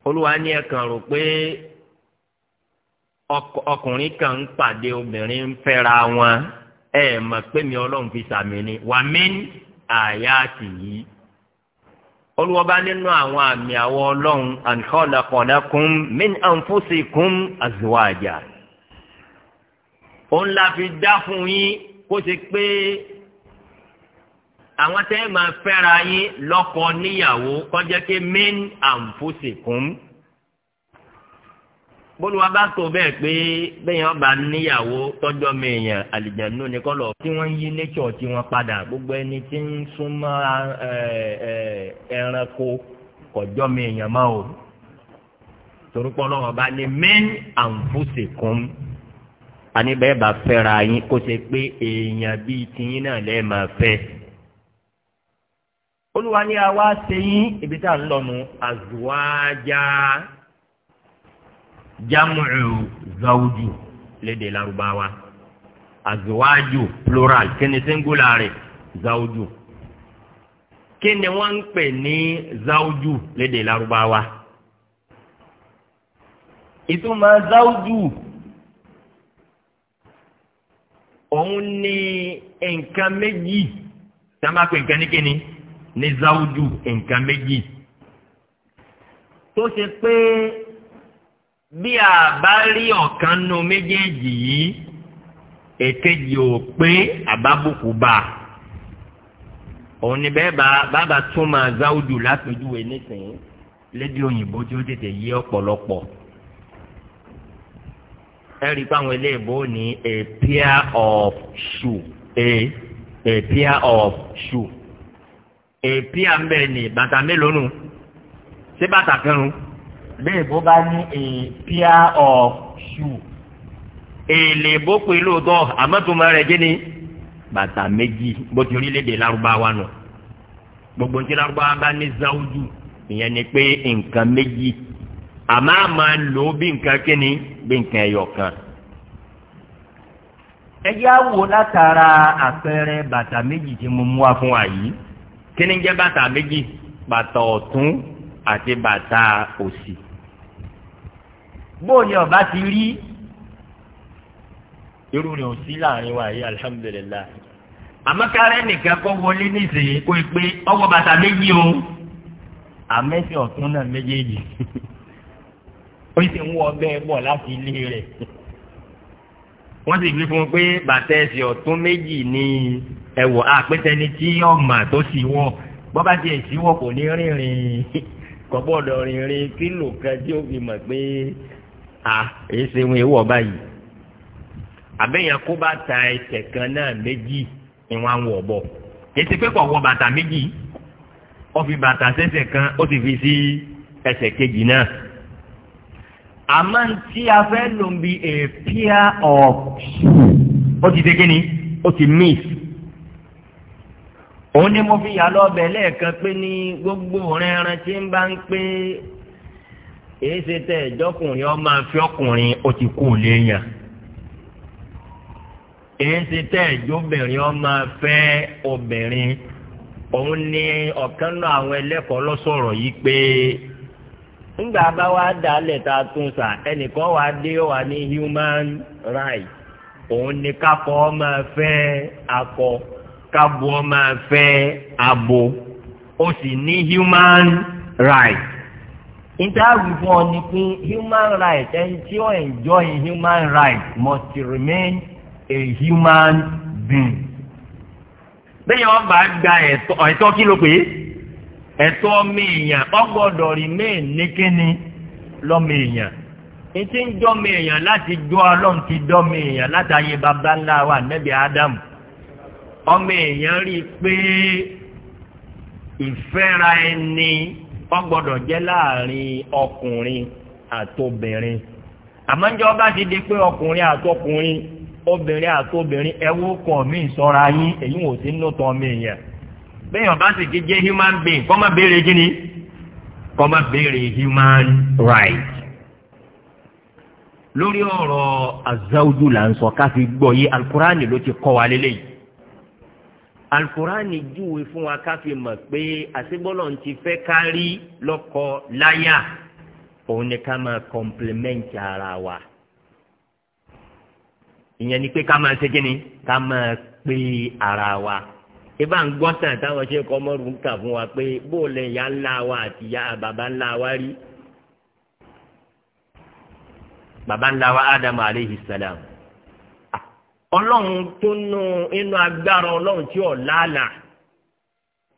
olúwa ní ẹ̀kan rò pé ọkùnrin kan ń pàdé obìnrin ń fẹ́ra wọn ẹ mọ̀ pé mi ọlọ́run fi sàmì ni wà mí àyà tì yí. olùwọ́ba nínú àwọn àmì àwọn ọlọ́run àǹkọ́lẹ̀kọ̀lẹ́kùn mí àǹfọ̀sẹ̀kùn àzùwàjà. òun la fi dá fún yín kó ṣe pé àwọn tẹ́ fẹ́ra yín lọ́kọ níyàwó kọjá pé mí àǹfọ̀sẹ̀kùn àzùwàjà bólúwa bá tó bẹ́ẹ̀ pé bẹ́yàn bá níyàwó tọ́jọ́ mi èèyàn àlìjẹ̀nú ni kọ́ lọ tí wọ́n ń yí nature tí wọ́n padà gbogbo ẹni tí ń súnmọ́ ẹranko kọjọ́ mi èèyàn máa o torúpọ̀ lọ́wọ́ bá ní men and kún àní bá fẹ́ra yín kó ṣe pé èèyàn bíi tiyín náà lẹ́ẹ̀ máa fẹ́ olúwa ni a wá ṣe yín ibi tá à ń lọ nu àzùwájá jamu'u zawju lédè Lárúbáwá azuwaju plural kíni singular rẹ̀ zawju kíni wọ́n ń pè ní zawju lédè Lárúbáwá ìtumọ̀ zawju òun ní nǹkan méjì tí a máa pè nǹkan ní kíni ní nǹkan méjì tó ṣe pé bí a bá rí ọ̀kan nu méjèèjì yìí èkejì ò pé àbábùkù bá a òun ni bẹ́ẹ̀ bàbá túmọ̀ záwùjù lápèjúwe nísìnyí lédi òyìnbó tí ó tètè yé ọ̀pọ̀lọpọ̀ ẹ rí i pé àwọn eléyìnbó ní a pair of shoe a a pair of shoe a pair ń ni ní bàtà mélòó nù ṣé bàtà kẹrùn-ún bẹ́ẹ̀ bó bá ní a pair of shoe èlé bó pe lóòótọ́ àmọ́tòmọ́ rẹ̀ jẹ́ ni bàtà méjì bó ti orílẹ̀-èdè lárúbáwá nù gbogbo ní lárúbáwá bá ní záwùjú ìyẹn ni pé nǹkan méjì àmọ́ àmọ́ lò ó bí nǹkan kíni bí nǹkan ẹ̀yọ̀ kan. ẹ yá wo látara àpẹẹrẹ bàtà méjì tí mo mú wá fún wa yìí kí ni jẹ́ bàtà méjì bàtà ọ̀tún àti bàtà òsì bóòlì ọba ti rí irú rẹ̀ ò sí láàrin wa yìí alihamudulilayi àmọ́kárẹ́ nìkan kọ́ wọlé nísìnyí kó o pé ọwọ́ bàtà méjì o àmẹ́sì ọ̀tún náà méjèèjì ó sì ń wọ ọbẹ̀ bọ̀ láti ilé rẹ̀ wọ́n sì fi fún un pé bàtà ẹsẹ̀ ọ̀tún méjì ni ẹ̀wọ̀ àpẹtẹni tí ọ̀mà tó sì wọ̀ bọ́bá tiẹ̀ sí wọ̀ kò ní rìnrìn kọ́bọ̀dọ̀ rìnrìn kílò kan tí ó fi mọ̀ pé à èyí ṣe wọn èèwọ̀ báyìí àbẹ̀yàn kó bá ta ẹsẹ̀ kan náà méjì ni wọ́n á wọ̀ bọ̀ èsì pé kò wọ bàtà méjì ó fi bàtà sẹ́sẹ̀ kan ó sì fi sí ẹsẹ̀ kejì náà àmọ́ tí a fẹ́ lò ń bi a pair of ó ti ṣe ni ó ti miss òun ni mo fi yà lọ bẹ̀ lẹ́ẹ̀kan pé ní gbogbo rẹ̀ ẹran tí ń bá ń pé. èyí ṣe tẹ ẹjọkùnrin ọmọ afiọkùnrin ó ti kú léèyàn èyí ṣe tẹ ẹjọbìnrin ọmọ afẹ obìnrin òun ni ọ̀kan náà àwọn ẹlẹ́kọ̀ọ́ lọ́sọ̀rọ̀ yìí pé ńgbà bá wá dálẹ̀ tá a tún sà ẹnìkan wa dé wà ní human rights òun ni kakọ ọmọ fe akọ kabo ọmọ fe abo ó sì ní human rights interview fún ọ ni human rights ẹni tí enjoy human rights must remain a human being. bẹ́ẹ̀ wọ́n gba ẹ̀tọ́ kí ló pé ẹ̀tọ́ ọmọ èèyàn ọgbọ́dọ̀ remain ní kíni lọ́mọ èèyàn ètí ń dọ́mọ èèyàn láti jọ́ ọlọ́run ti dọ́mọ èèyàn látàyè bàbá ńlá wa nẹ́bí adam ọmọ èèyàn rí i pé ìfẹ́ra wọ́n gbọ́dọ̀ jẹ́ láàrin ọkùnrin àtobìnrin àmọ́ njẹ́ bá ti di pé ọkùnrin àtọkùnrin obìnrin àtobìnrin ẹwọ́ kan mí sọ́ra yín èyí wò sí nínú tán mí yẹn bẹ́ẹ̀ bá sì ti jẹ́ human being kọ́ má béèrè kí ni kọ́ má béèrè human right lórí ọ̀rọ̀ azawudu là ń sọ káfí gbọ́ yé alukurani ló ti kọ́ wa lélẹ́yìí alukurani júwe fún wa ká fi mọ̀ pé àṣebọ́lọ̀ ń ti fẹ́ kárí lọ́kọ láyà òun ni ká máa kọ́mplimẹ́ǹtì ara wa ìyẹn ni pé ká máa ṣe kíni ká máa pé ara wa ibà ń gbọ́ tàn táwọn ṣe kọ́ mọ́rù ń kà fún wa pé bóòlù ìyá ńlá wa àti ìyá bàbá ńlá wa rí bàbá ńlá wa ádámù aleyhi sàlámù. ọlọ́run tó nú inú agbára ọlọ́run tí ò lálà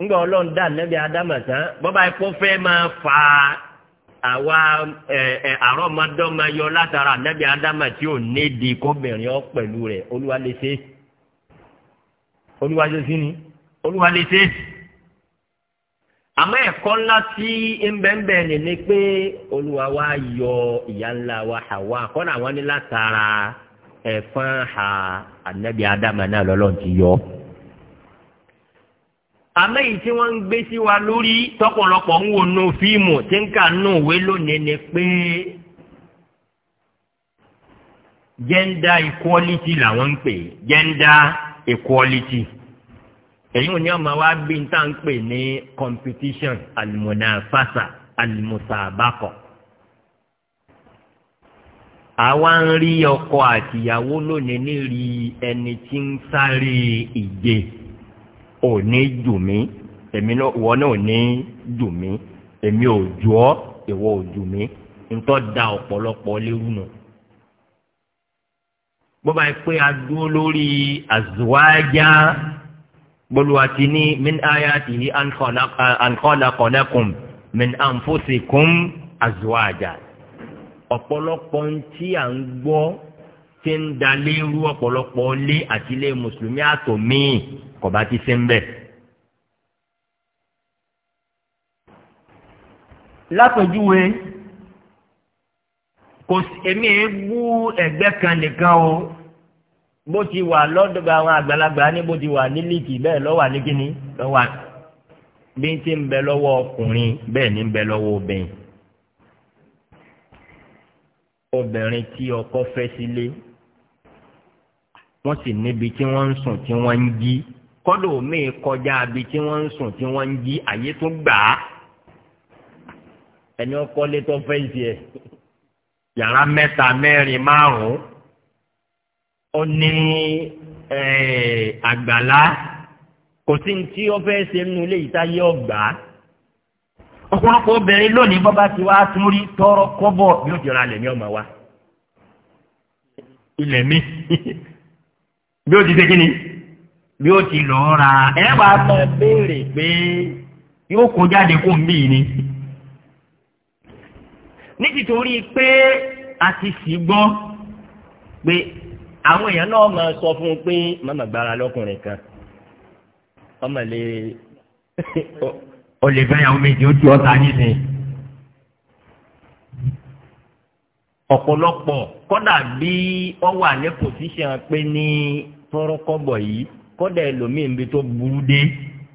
ńgbà ọlọ́run dá nẹ́bí adámàtá bọ́bá ẹ̀kọ́ fẹ́ máa fa àwa àrọ́mọdọ́mọ yọ látara nẹ́bí adámàtí ò nídìí kóbìnrin ọ pẹ̀lú rẹ̀ olúwa lè ni àmọ́ ẹ̀kọ́ ńlá tí ńbẹ́ńbẹ́ ni ẹ̀fọn ha ànábì ádámà náà lọ́lọ́run ti yọ. àmọ́ èyí tí wọ́n ń gbé sí wa lórí tọ́pọ̀lọpọ̀ ń wo nù fíìmù tí ń kà nù òwe lónìí ni pé gender equality làwọn ń pè gender equality èyí ò ní ọmọ wa bí n tá ń pè ní competition alimunafasa alimusabakọ. Al àwa ń rí ọkọ àtìyàwó lónìí ní rí ẹni tí ń sáré ìje ò ní jù èmi náà ìwọ náà ò ní èmi ò jù ọ ìwọ ò jù ntọ́ da ọ̀pọ̀lọpọ̀ léwu nù. bó bá yẹ pé a dúró lórí àzùwájá bólúwàtí ní min ayati hi ankọ́nakọ́nakum min anfusikum àzùwájá ọ̀pọ̀lọpọ̀ ń tí à ń gbọ́ ti ń da léru ọ̀pọ̀lọpọ̀ lé àti ilé mùsùlùmí àtòmíì kò bá ti ṣe ń bẹ̀. lápèjúwe kò èmi ẹ bú ẹgbẹ́ kan nìkan o bó ti wà lọ́dọ̀ àwọn àgbàlagbà ní bó ti wà ní líìkì bẹ́ẹ̀ lọ́wọ́ àníkíní lọ́wọ́ bí ń ti ń bẹ lọ́wọ́ ọkùnrin bẹ́ẹ̀ ni ń bẹ lọ́wọ́ obìnrin obìnrin tí ọkọ fẹ́ sílé wọ́n sì níbi tí wọ́n ń sùn tí wọ́n ń jí kọ́dọ̀ míì kọjá ibi tí wọ́n ń sùn tí wọ́n ń jí àyè tó gbà á ẹni ọkọ lé tó fẹ́ tiẹ̀ yàrá mẹ́ta mẹ́rin márùn-ún ó ní àgbàlá kò sí ní tí ó fẹ́ ṣe nínú ilé yìí táyé ọgbà á ọ̀pọ̀lọpọ̀ obìnrin lónìí bọ́ bá ti wá tún rí tọrọ kọ́bọ̀ yóò jọra lẹ̀mí ọmọ wa ilẹ̀ mi bí ó ti ṣe kíni bí ó ti lọ ra ẹ wà á mọ béèrè pé yóò kó jáde kó ń bì ní. nítorí pé a ti sì gbọ́ pé àwọn èèyàn náà máa sọ fún un pé màmá gbára lọ́kùnrin kan ọmọ lè o lè fẹ́ yàwó méjì ó ti ọ̀tá nísìnyí. ọ̀pọ̀lọpọ̀ kọ́dà bí wọ́n wà ní pòsíṣàn pé ní tọrọkọ́bọ̀ yìí kọ́dà ẹlòmíín bí tó burú dé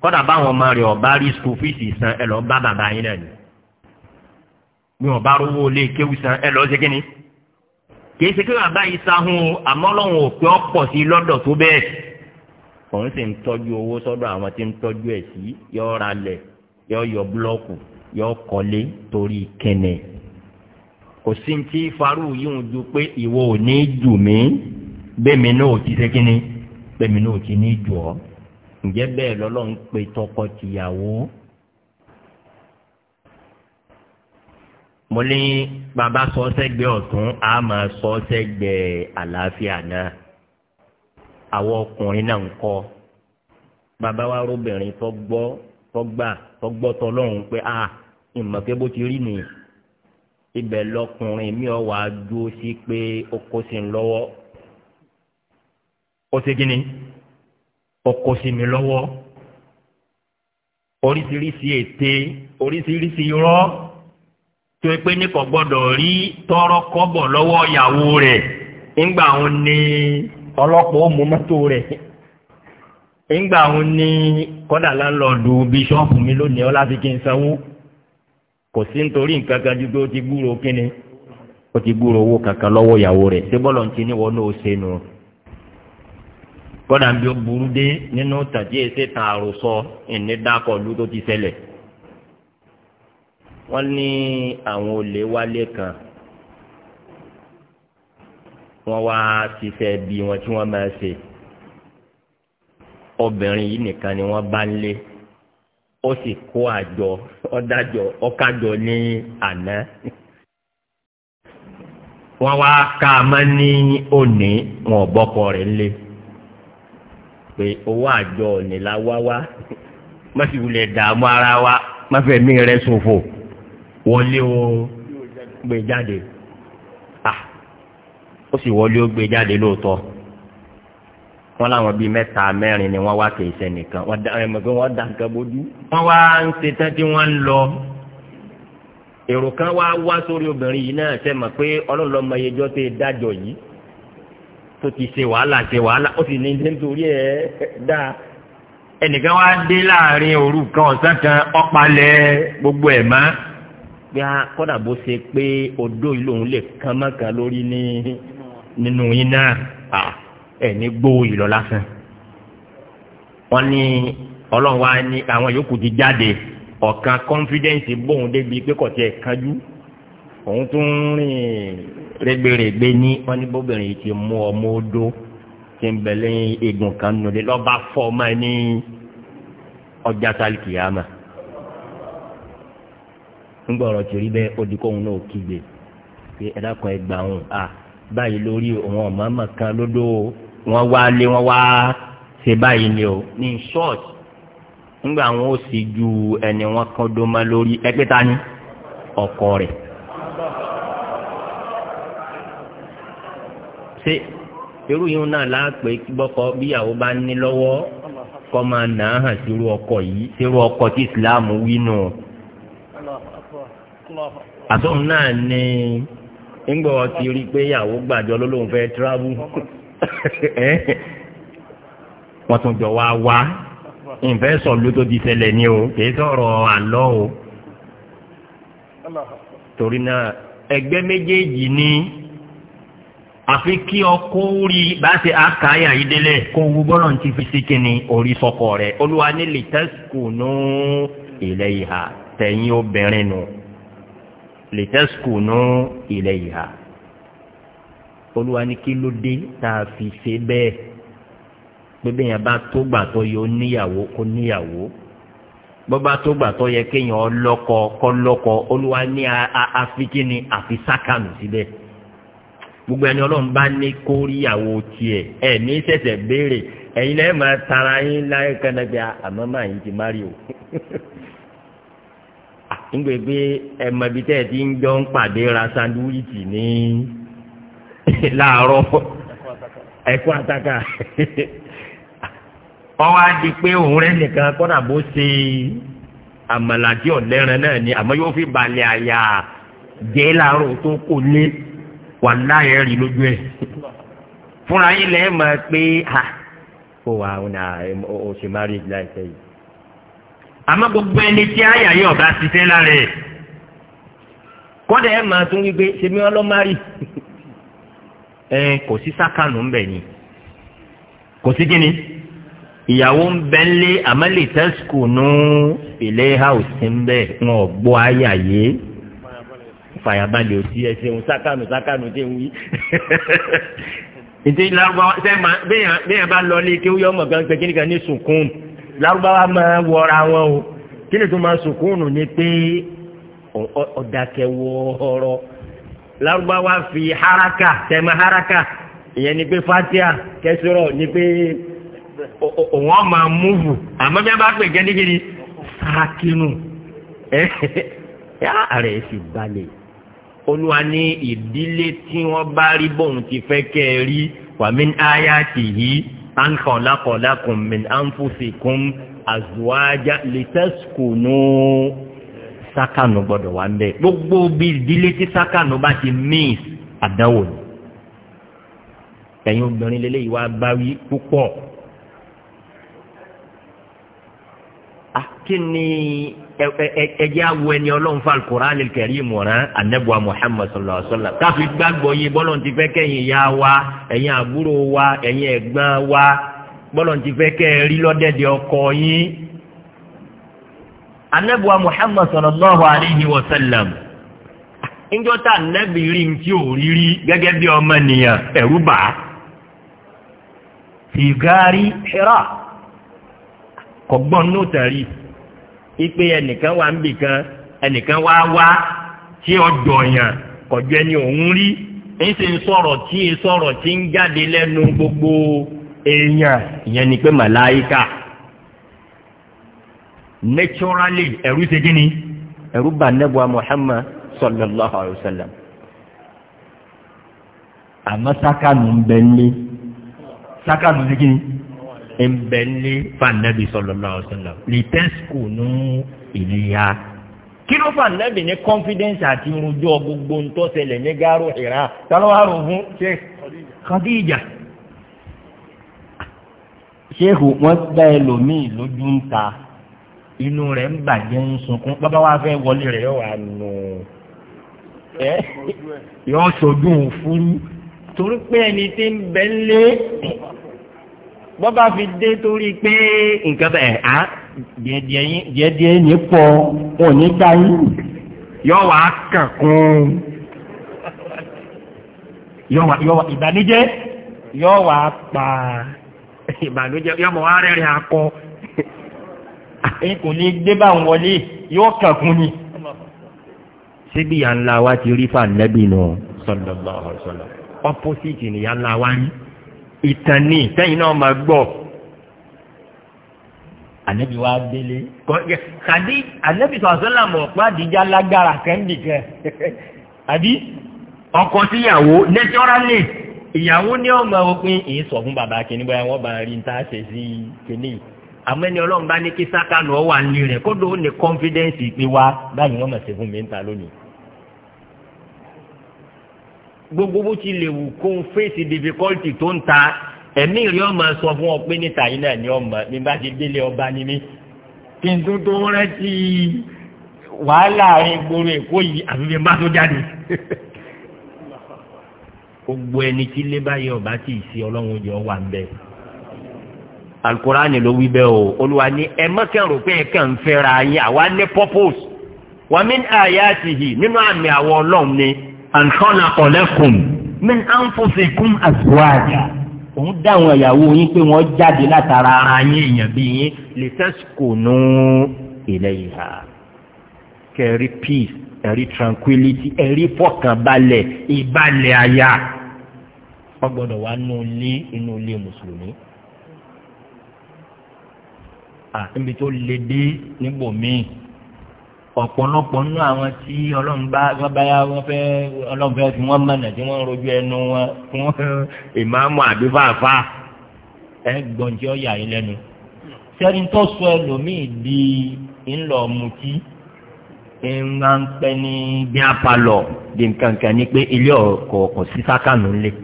kọ́dà báwọn ọmọ rẹ̀ ọ̀bá rí skul fíìsì san ẹ lọ bá bàbá yín náà ni bí ọ̀bá rówó lé kéwù san ẹ lọ ṣe kí ni kì í ṣe kí bàbá yìí sáhùn o àmọ́ lọ́hùn òpin ọ̀pọ̀ sí lọ́dọ̀ tó bẹ́ẹ̀ òun sì ń tọ́jú owó sọ́dọ̀ àwọn tí ń tọ́jú ẹ̀ sí yọ́ọ́ra lẹ̀ yọ yọ búlọ́ọ̀kù yọ kọ́lé torí kẹnẹ kò sí ti farú yíwọn ju pé ìwọ ò ní jù mí bẹ́ẹ̀mi náà ò ti ṣe kínní bẹ́ẹ̀mi náà ò ti ní jù ọ́ ǹjẹ́ bẹ́ẹ̀ lọ́lọ́run pe tọkọ-tìyàwó. mo ní bàbá sọ sẹ́gbẹ́ ọ̀tún a máa sọ sẹ́gbẹ́ àlàáfíà náà àwọn ọkùnrin náà ń kọ́ bàbá wa róbìnrin tó gbọ́ tọgbà tọgbọtọ lọhùn pé a ìmọ̀ pé bó ti rí ni ibẹ̀ lọkùnrin mi ò wá dúró sí pé ó kó sí ń lọ́wọ́ ó ṣe kí ni ó kó sí mi lọ́wọ́ oríṣiríṣi ète oríṣiríṣi irọ́ tó pé ní gbọ́dọ̀ rí tọrọ kọ́bọ̀ lọ́wọ́ ìyàwó rẹ̀ nígbà òun ni ọlọ́pàá ó mú mọ́tò rẹ̀ ìgbà òun ní kọ́dà láńlọ́ọ̀dù bíṣọ́ọ̀fù mi lónìí ọlá fi kí n sanwó kò sí nítorí nǹkan kan ju pé ti gbúrò kíni ó ti gbúrò owó kankan lọ́wọ́ ìyàwó rẹ̀ ṣé bọ́lọ̀ ti ní wọnú ose nù. kọ́dà bí ó burú dé nínú tàjí èsè tàn àròsọ ti wọ́n ní àwọn olè wálé kan wọ́n wá ṣiṣẹ́ bí wọn tí wọ́n máa ṣe. obìnrin yìí nìkan ni wọ́n bá ń lé ó sì kó àjọ ọdájọ ọ̀kájọ ní àná wọ́n wá ká a mọ́ ní òní wọn ò bọ́kọ rẹ̀ ńlé pé owó àjọ òní la wá wá má sì wulẹ̀ dààmú ara wa má fẹ́ mí rẹ̀ ṣòfò wọlé o gbé jáde ah, ó sì wọlé ó gbé jáde lóòótọ́. wọn làwọn bíi mẹ́ta mẹ́rin ni wọ́n wá kì í ṣe nìkan wọ́n da ẹ̀ mọ̀gbẹ́ wọ́n da nǹkan bójú. wọ́n wá ń ṣe tán tí wọ́n ń lọ. èrò kan wá wá sórí obìnrin yìí náà ṣe mọ̀ pé ọlọ́lọ́mọ yẹjọ́ tẹ dájọ́ yìí tó ti ṣe wàhálà ṣe wàhálà ó sì ní ní nítorí ẹ̀ dá. ẹnìkan wá dé láàrin òru kan ọ̀sán kan ọ̀pálẹ̀ gbogbo ẹ̀ má. pé a kọ́dà bó ṣe pé odó yìí lòun lè kán mọ́kàn ẹni ní gbówó yìí lọ lásán ní ọlọ́run wa ní àwọn yòókù ti jáde ọ̀kan confidence bóun débi pé kò tiẹ̀ kánjú òun tún rìn rẹgbẹrẹgbẹ ní wọn ní bóbìnrin yìí ti mú ọmọ odó ti ń bẹ̀lẹ́ egun kan nù ọjà sálìkìyàmà náà kígbe pé à báyìí kan lódó wọn wá lé wọn wá ṣe báyìí ni o ní short nígbà wọn ò sì ju ẹni wọn kan dómọ lórí ọkọ rẹ. ṣé irú yìí náà láàpẹ bíyàwó bá ní lọ́wọ́ máa nà á hàn ọkọ yìí sírú ọkọ tí islam wí nù. àtọ́hún náà ni ńgbọ́ ti rí i pé ìyàwó Eh? wọ́n tún jọ wá wá ìfẹ́sọ̀ ló tó di ṣẹlẹ̀ ni o kì í sọ̀rọ̀ àlọ́ o torí náà ẹgbẹ́ méjèèjì ni àfi kí ọkọ orí bá ṣe àkàyà yìí délẹ̀ kó wu bọ́lọ̀ ti fi sí kíni orí sọkọ rẹ̀ olúwa ní lìtẹ́sìkò nù ilẹ̀ ìhà tẹ̀yìn obìnrin nù lìtẹ́sìkò nù ilẹ̀ ìhà. olúwa ní kí ló dé tá a fi ṣe bẹ́ẹ̀ pé e bá tó gbà yẹ ó níyàwó kó níyàwó bó bá tó gbà yẹ kéèyàn lọ́kọ kọ́ lọ́kọ olúwa ní afikíni àfi sákànù síbẹ̀ gbogbo ẹni ọlọ́run bá ní kó ríyàwó tiẹ̀ ẹ̀ ní sẹ̀sẹ̀ béèrè ẹ̀yin lẹ́yìn máa tara yín láyé kẹ́nẹ́gbẹ́ ah, àmọ́ máa yín ti má rí o ah, nígbà ti ra ní. láàárọ̀ ẹ̀kú àtàkà ọwọ́ á di pé òun rẹ̀ nìkan kọ́nà bó ṣe àmàlàdí ọ̀lẹ́ran náà ni àmọ́ yóò fi balẹ̀ àyà jẹ́ láàárọ̀ tó kò lé wà láyé rí lójú ẹ̀ fúnra yín lẹ́ẹ̀ mọ̀ pé ha kó wa ò ṣe má rí láìpẹ́ yìí àmọ́ gbogbo ẹni tí àyà yìí ọ̀gá ti fẹ́ lára ẹ̀ kọ́dà ẹ̀ máa tún wípé ṣe mi rí ẹ kò sí sákànù ń bẹ̀ ni kò sí kíni ìyàwó ń bẹ lé àmàlè tẹ́síkù nù ilé haùsì ń bẹ̀ wọn ò gbọ́ ayà yé fàyàbalẹ̀ òsì ẹsẹ̀ ń sákànù sákànù tẹ̀ ń wí. ìdí lárúbáwá sẹ́ẹ̀mà bẹ́ẹ̀ bá lọ lé kí ó yọ ọmọ kan pé kíníkan ní sùkún lárúbáwá máa wọra wọn o kí ni tó máa sùkún nù ni pé ọ̀dàkẹ́wọ́ ọ̀rọ̀ lárúbáwá fi haraka tẹ̀mọ haraka ìyẹn ni pé fatia kẹsìrọ ni pé òun ọmọ múvù àmọ́ bí wọ́n bá pè gẹ́gẹ́gẹ́ni sákínù ẹ̀ ẹ́ rẹ̀ sì balẹ̀ olúwa ní ìdílé tí wọ́n bá rí bóun ti fẹ́ kẹ́ ẹ rí wàmí ayatihi ankọ̀lákọ̀lákùn min anfusikum azwaja litaskunu sákànù gbọdọ̀ wà ń bẹ̀ gbogbo bí ìdílé tí sákànù bá ti miss àdánwò ni ẹ̀yin obìnrin lélẹ́yìí wá bá wí púpọ̀ kí ni ẹjẹ́ awo ẹni ọlọ́run fa alukur'an kẹrí ìmọ̀ràn anabuwa muhammad sallallahu alaihi wa sallam káfí gbàgbọ́ yìí bọ́lọ̀ ti fẹ́ kẹ́yìn ìyá wa ẹ̀yin àbúrò wa ẹ̀yin ẹ̀gbọ́n wa bọ́lọ̀ ti fẹ́ kẹ́ rí lọ́dẹ̀dẹ̀ ọkọ yín. anabiwa muhammad sallallahu alayhi wa sallam njọ ta anabi rí n tí ò rí rí gẹ́gẹ́ bí ọmọ nìyàn ẹ̀rú bá a enikan gaari Hira kọ̀gbọ́n náà tẹ̀rí ipe ẹnìkan wà ń bì kan ẹnìkan wá wá tí ọjọ́ kọjọ́ ẹni òun rí ń ń sọ̀rọ̀ tí ń sọ̀rọ̀ tí ń jáde lẹ́nu gbogbo èèyàn ìyẹn ni pé naturally ẹ̀rú ṣe gíní ẹ̀rú bà nẹ́bùa muhammad sallallahu alayhi wa sallam àmọ́ sákànù ń bẹ ní sákànù ṣe gíní ń bẹ ní fànẹ́bì sallallahu alayhi wa sallam lìtẹ́sìkò ní ìlíya kí ló fà nẹ́bì ní confidence àti irunjú gbogbo ń tọ́ sẹlẹ̀ ní gáró ìrà tálọ́wárò fún ṣe kàdíjà ṣéèkù wọ́n gbá ẹlòmíì lójú ń ta inú rẹ̀ ń bàjẹ́ ń sunkún bàbá wa fẹ́ wọlé rẹ̀ yóò wà nù ẹ́ yóò sojú òfurú torí pé ẹni tí ń bẹ́ lé bọ́bá fi dé torí pé nǹkan bẹ́ẹ̀ á díẹ̀díẹ̀ ní pọ̀ wọn ò ní gbá yín yóò wà á kàn kún yóò wà ìbànújẹ́ yóò wà á pa ìbànújẹ́ yóò mọ̀ wá rẹ́rìn akọ èyí kò lè gbé bá ń wọlé yóò kàkún ni. síbi ìyá ńlá wa ti rí fànẹ́bì nù sọlọlọ sọlọ ni ìyá ńlá wa rí ìtàn ní sẹ́yìn náà máa gbọ́ ànẹ́bí wa délé kàdí ànẹ́bí sọ̀sọ́lá mọ̀ pé àdìjá lágbára kẹ́ńdì kẹ́ àbí ọkọ síyàwó nẹ́tọ́rálì ìyàwó ní ọmọ òpin èyí fún bàbá kìnnìkan wọn bá rí ní tá a ṣe sí kìnnìkan àmọ́ ẹni ọlọ́run bá ní kí sákànù ọ wà nílé rẹ̀ kódò ó ní confidence pé wá báyìí wọ́n mọ̀ sí fún mi ń ta lónìí. gbogbo bó ti lè wù kó ń fèsì difficulty tó ń ta ẹ̀mí rí ọmọ sọ fún ọ pé níta yìí náà ni ọmọ mi bá ti délé ọba ni mí. kí n tó tó rántí wàhálà ìgboro èkó yìí àfi fi tó jáde. gbogbo ẹni tí lébàyè ọba tí ì sí ọlọ́run jọ wà ń bẹ́ẹ̀ alukurani ló wí bẹ́ẹ̀ o olùwà ni ẹ mọ́kẹ́rù pé ẹ kàn fẹ́ra yín àwa ní purpose wà mí àyà ti hì nínú àmì àwọn ọlọ́run ni àǹtọ́nà ọ̀lẹ́kùn mí àǹfọ̀sẹ̀kùn àtúwàjà òun dá àwọn yín pé wọ́n jáde látara ara yín èèyàn bí yín lè sẹ́sìkò nù ilẹ̀ ìhà kẹrí peace ẹ̀rí tranquility ẹ̀rí fọkànbalẹ̀ ìbalẹ̀ àyà wọ́n gbọ́dọ̀ wá nù ilé inú ilé mùsùlùmí níbi tó le dé níbòmíì ọ̀pọ̀lọpọ̀ nínú àwọn tí ọlọ́run bá báyà wọ́n fẹ́ ọlọ́run fẹ́ fi wọ́n mọ̀nà tí wọ́n ń rojú ẹnu wọn fún ìmáàmù àbífàfà ẹ gbọ́n tí ó lẹ́nu. sẹ́ni tó sọ ẹlòmíì di ńlọ mutí ńlá ń pẹ́ ní bíá palọ̀ di nkankan ni pé ilé ọkọ̀ ọkọ̀ sí sákànù ńlẹ̀.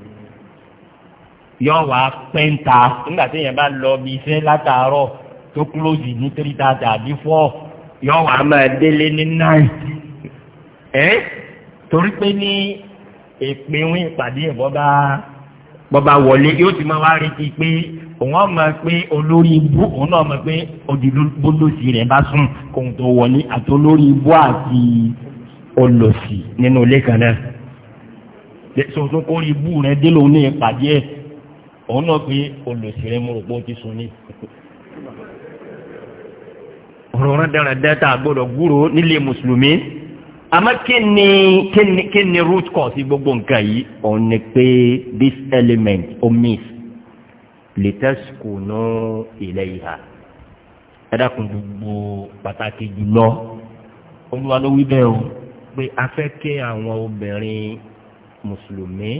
yọ wá pẹ́ńta nígbà tí èèyàn bá lọ bí iṣẹ́ látàárọ̀ tó kúlóòsì ní three thousand àbí four yọ wà á máa délé ní nine ẹ torí pé ní ìpínwín ìpàdé ẹ̀ bọ́bá bọ́bá wọlé yóò ti máa wá retí pé òun ọmọ pé olórí ibú òun náà mọ pé òdìdúgbòlòsì rẹ̀ bá sùn kóun tó wọlé àti olórí ibú àti olòsì nínú ilé kan náà sọ̀tún kó rí ibú rẹ̀ ní ìpàdé ẹ̀ òun náà pé olòsì rẹ̀ mo rò pé ó ti sùn ní ọ̀rọ̀ rẹ̀dẹ̀rẹ̀ data gbọ́dọ̀ gúrò nílé mùsùlùmí àmọ́ kí ni kí ni kí root cause gbogbo nǹkan yìí òun ni this element omis litaskunu ilayha ẹ dákun gbogbo pàtàkì jùlọ olúwa ló wí bẹ́ẹ̀ o pé a fẹ́ kí àwọn obìnrin mùsùlùmí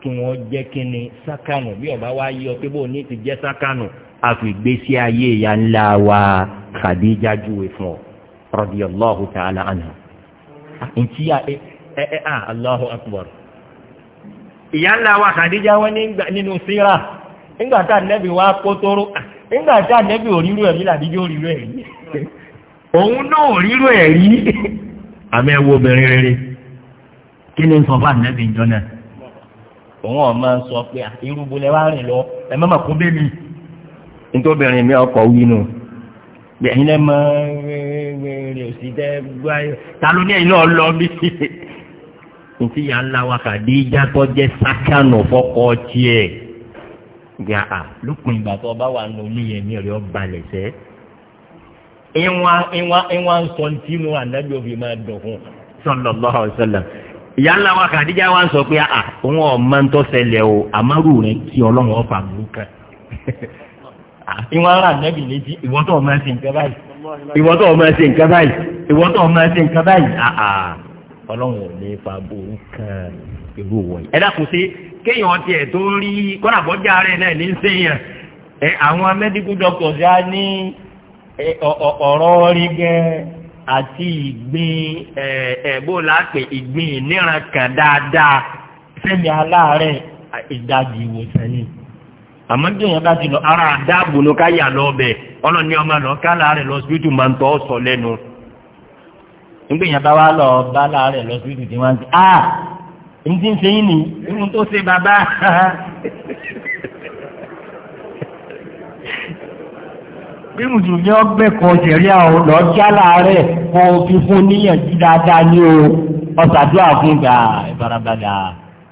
kí wọ́n jẹ́ kí ni sákànù bí ọba wa yọ pé bóun ní ti jẹ́ sákànù a fi gbésí ayé ìyá ńlá wa khadija júwe fún ọ rọ̀dí allahu ta'ala anha ntí a ẹ ẹ a allahu akbar ìyá ńlá wa khadija wọn nínú síra nígbà tá nẹ́bí wa kótóró ah, nígbà tá nẹ́bí òrírú ẹ̀mí làdíjọ́ òrírú ẹ̀mí òun náà rírò ẹ̀ rí àmì ẹ̀wọ̀ obìnrin rere kí ni sọ fún ànábì ìjọ náà òun ọ̀ máa sọ pé ah, irúgbó lẹ́wà rìn lọ ẹ má má kó bẹ́ẹ̀ mi nítòbìnrin mi ọkọ̀ wínú ẹ̀yin lẹ́ mọ́ rẹ̀ òsì tẹ́ gbáyé ta ló ní ẹ̀yin náà lọ bí ntí ya ńlá wa kàdé ìjàtọ̀ jẹ́ sákànù fọ́kọ́ tiẹ̀ gà á lópin ìgbà tó ọba wà nù níyẹn mi rẹ̀ ọba lẹ̀ sẹ́ ìwà ìwà ìwà sọ ntí nu ànábì òfin máa dùn fún sallallahu alaihi wasallam ìyá ńlá wa kàdíjà wa ń sọ pé à òun ọ̀ máa ń tọ́ o àmárù rẹ̀ kí ọlọ́run ọ̀fà burúkú ìwọ ara nẹ́bì létí ìwọ tó ọmọ ẹsẹ̀ nǹkan báyìí ìwọ tó ọmọ ẹsẹ̀ nǹkan báyìí ìwọ tó ọmọ ẹsẹ̀ nǹkan báyìí ọlọ́run ò lè fa borí kan irú wọ̀nyí. ẹ dákun sí kéèyàn tiẹ̀ tó rí kọ́nàbọ́jà rẹ̀ náà ní sẹ́yìn ẹ àwọn medical doctors á ní ọ̀rọ̀ rí gẹ́ àti ìgbín ẹ̀bó lápè ìgbín ìníran kan dáadáa fẹ́mi aláàárẹ̀ ìdajì ìwòsàn ni àmọ́ tí wọ́n bá ti lọ ara àdáàbò ló ká yà lọ bẹ̀ ọlọ́ni ọmọ lọ ká láàrẹ̀ lọ síbítù máa ń tọ́ sọ lẹ́nu nígbèyàn bá wá lọ bá láàrẹ̀ lọ síbítù tí wọ́n ti á ní ti ń ṣe yín ni irun tó ṣe bàbá bí mùsùlùmí ọgbẹ́ kan ṣẹ̀rí àwọn lọ já láàrẹ̀ kó fi fún níyànjú dáadáa ní o ọ̀sàdúrà fún gbà ìfarabalẹ̀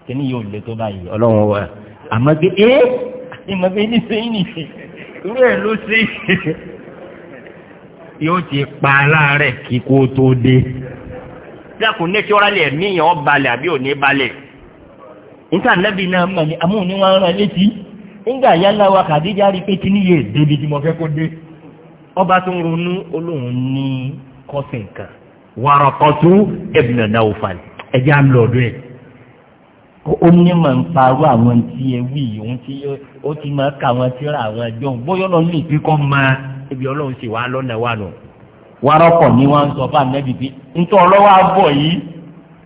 kí ni yóò lè tó báyìí ọlọ́run wẹ̀ àmọ́ pé ẹ́ ìmọ̀gbẹ́ ní sẹ́yìn nìyí irú ẹ̀ ló ṣe yóò ti pa aláàárẹ̀ kí kó tó dé dákun nẹ́tírọ́lì ẹ̀mí yẹn ọ́ balẹ̀ àbí ò ní balẹ̀ níta nẹ́bí náà mọ̀ ní amóhùn ní wọn rán létí nígbà yálà wa kàdíjà rí pé kíní yé débi tí mo fẹ́ kó dé ọba tó ń ronú olóhùn ní kọ́sìn kan wàrọ̀kọ̀tún ẹ̀bùnà náà ò falẹ̀ ẹ̀jẹ̀ á lọ ọdún ẹ̀ ó ní mọ̀ ń parọ́ àwọn tí ẹ wí òun tí ó ti máa ka àwọn tí ra àwọn ẹjọ́ bóyá lọ ní ìpínkọ́ máa ibi ọlọ́run sì wá lọ́nà wà nù. wárọ́pọ̀ ni wọ́n ń sọ fún àmẹ́bí pé ntọ́ ọlọ́wọ́ àbọ̀ yìí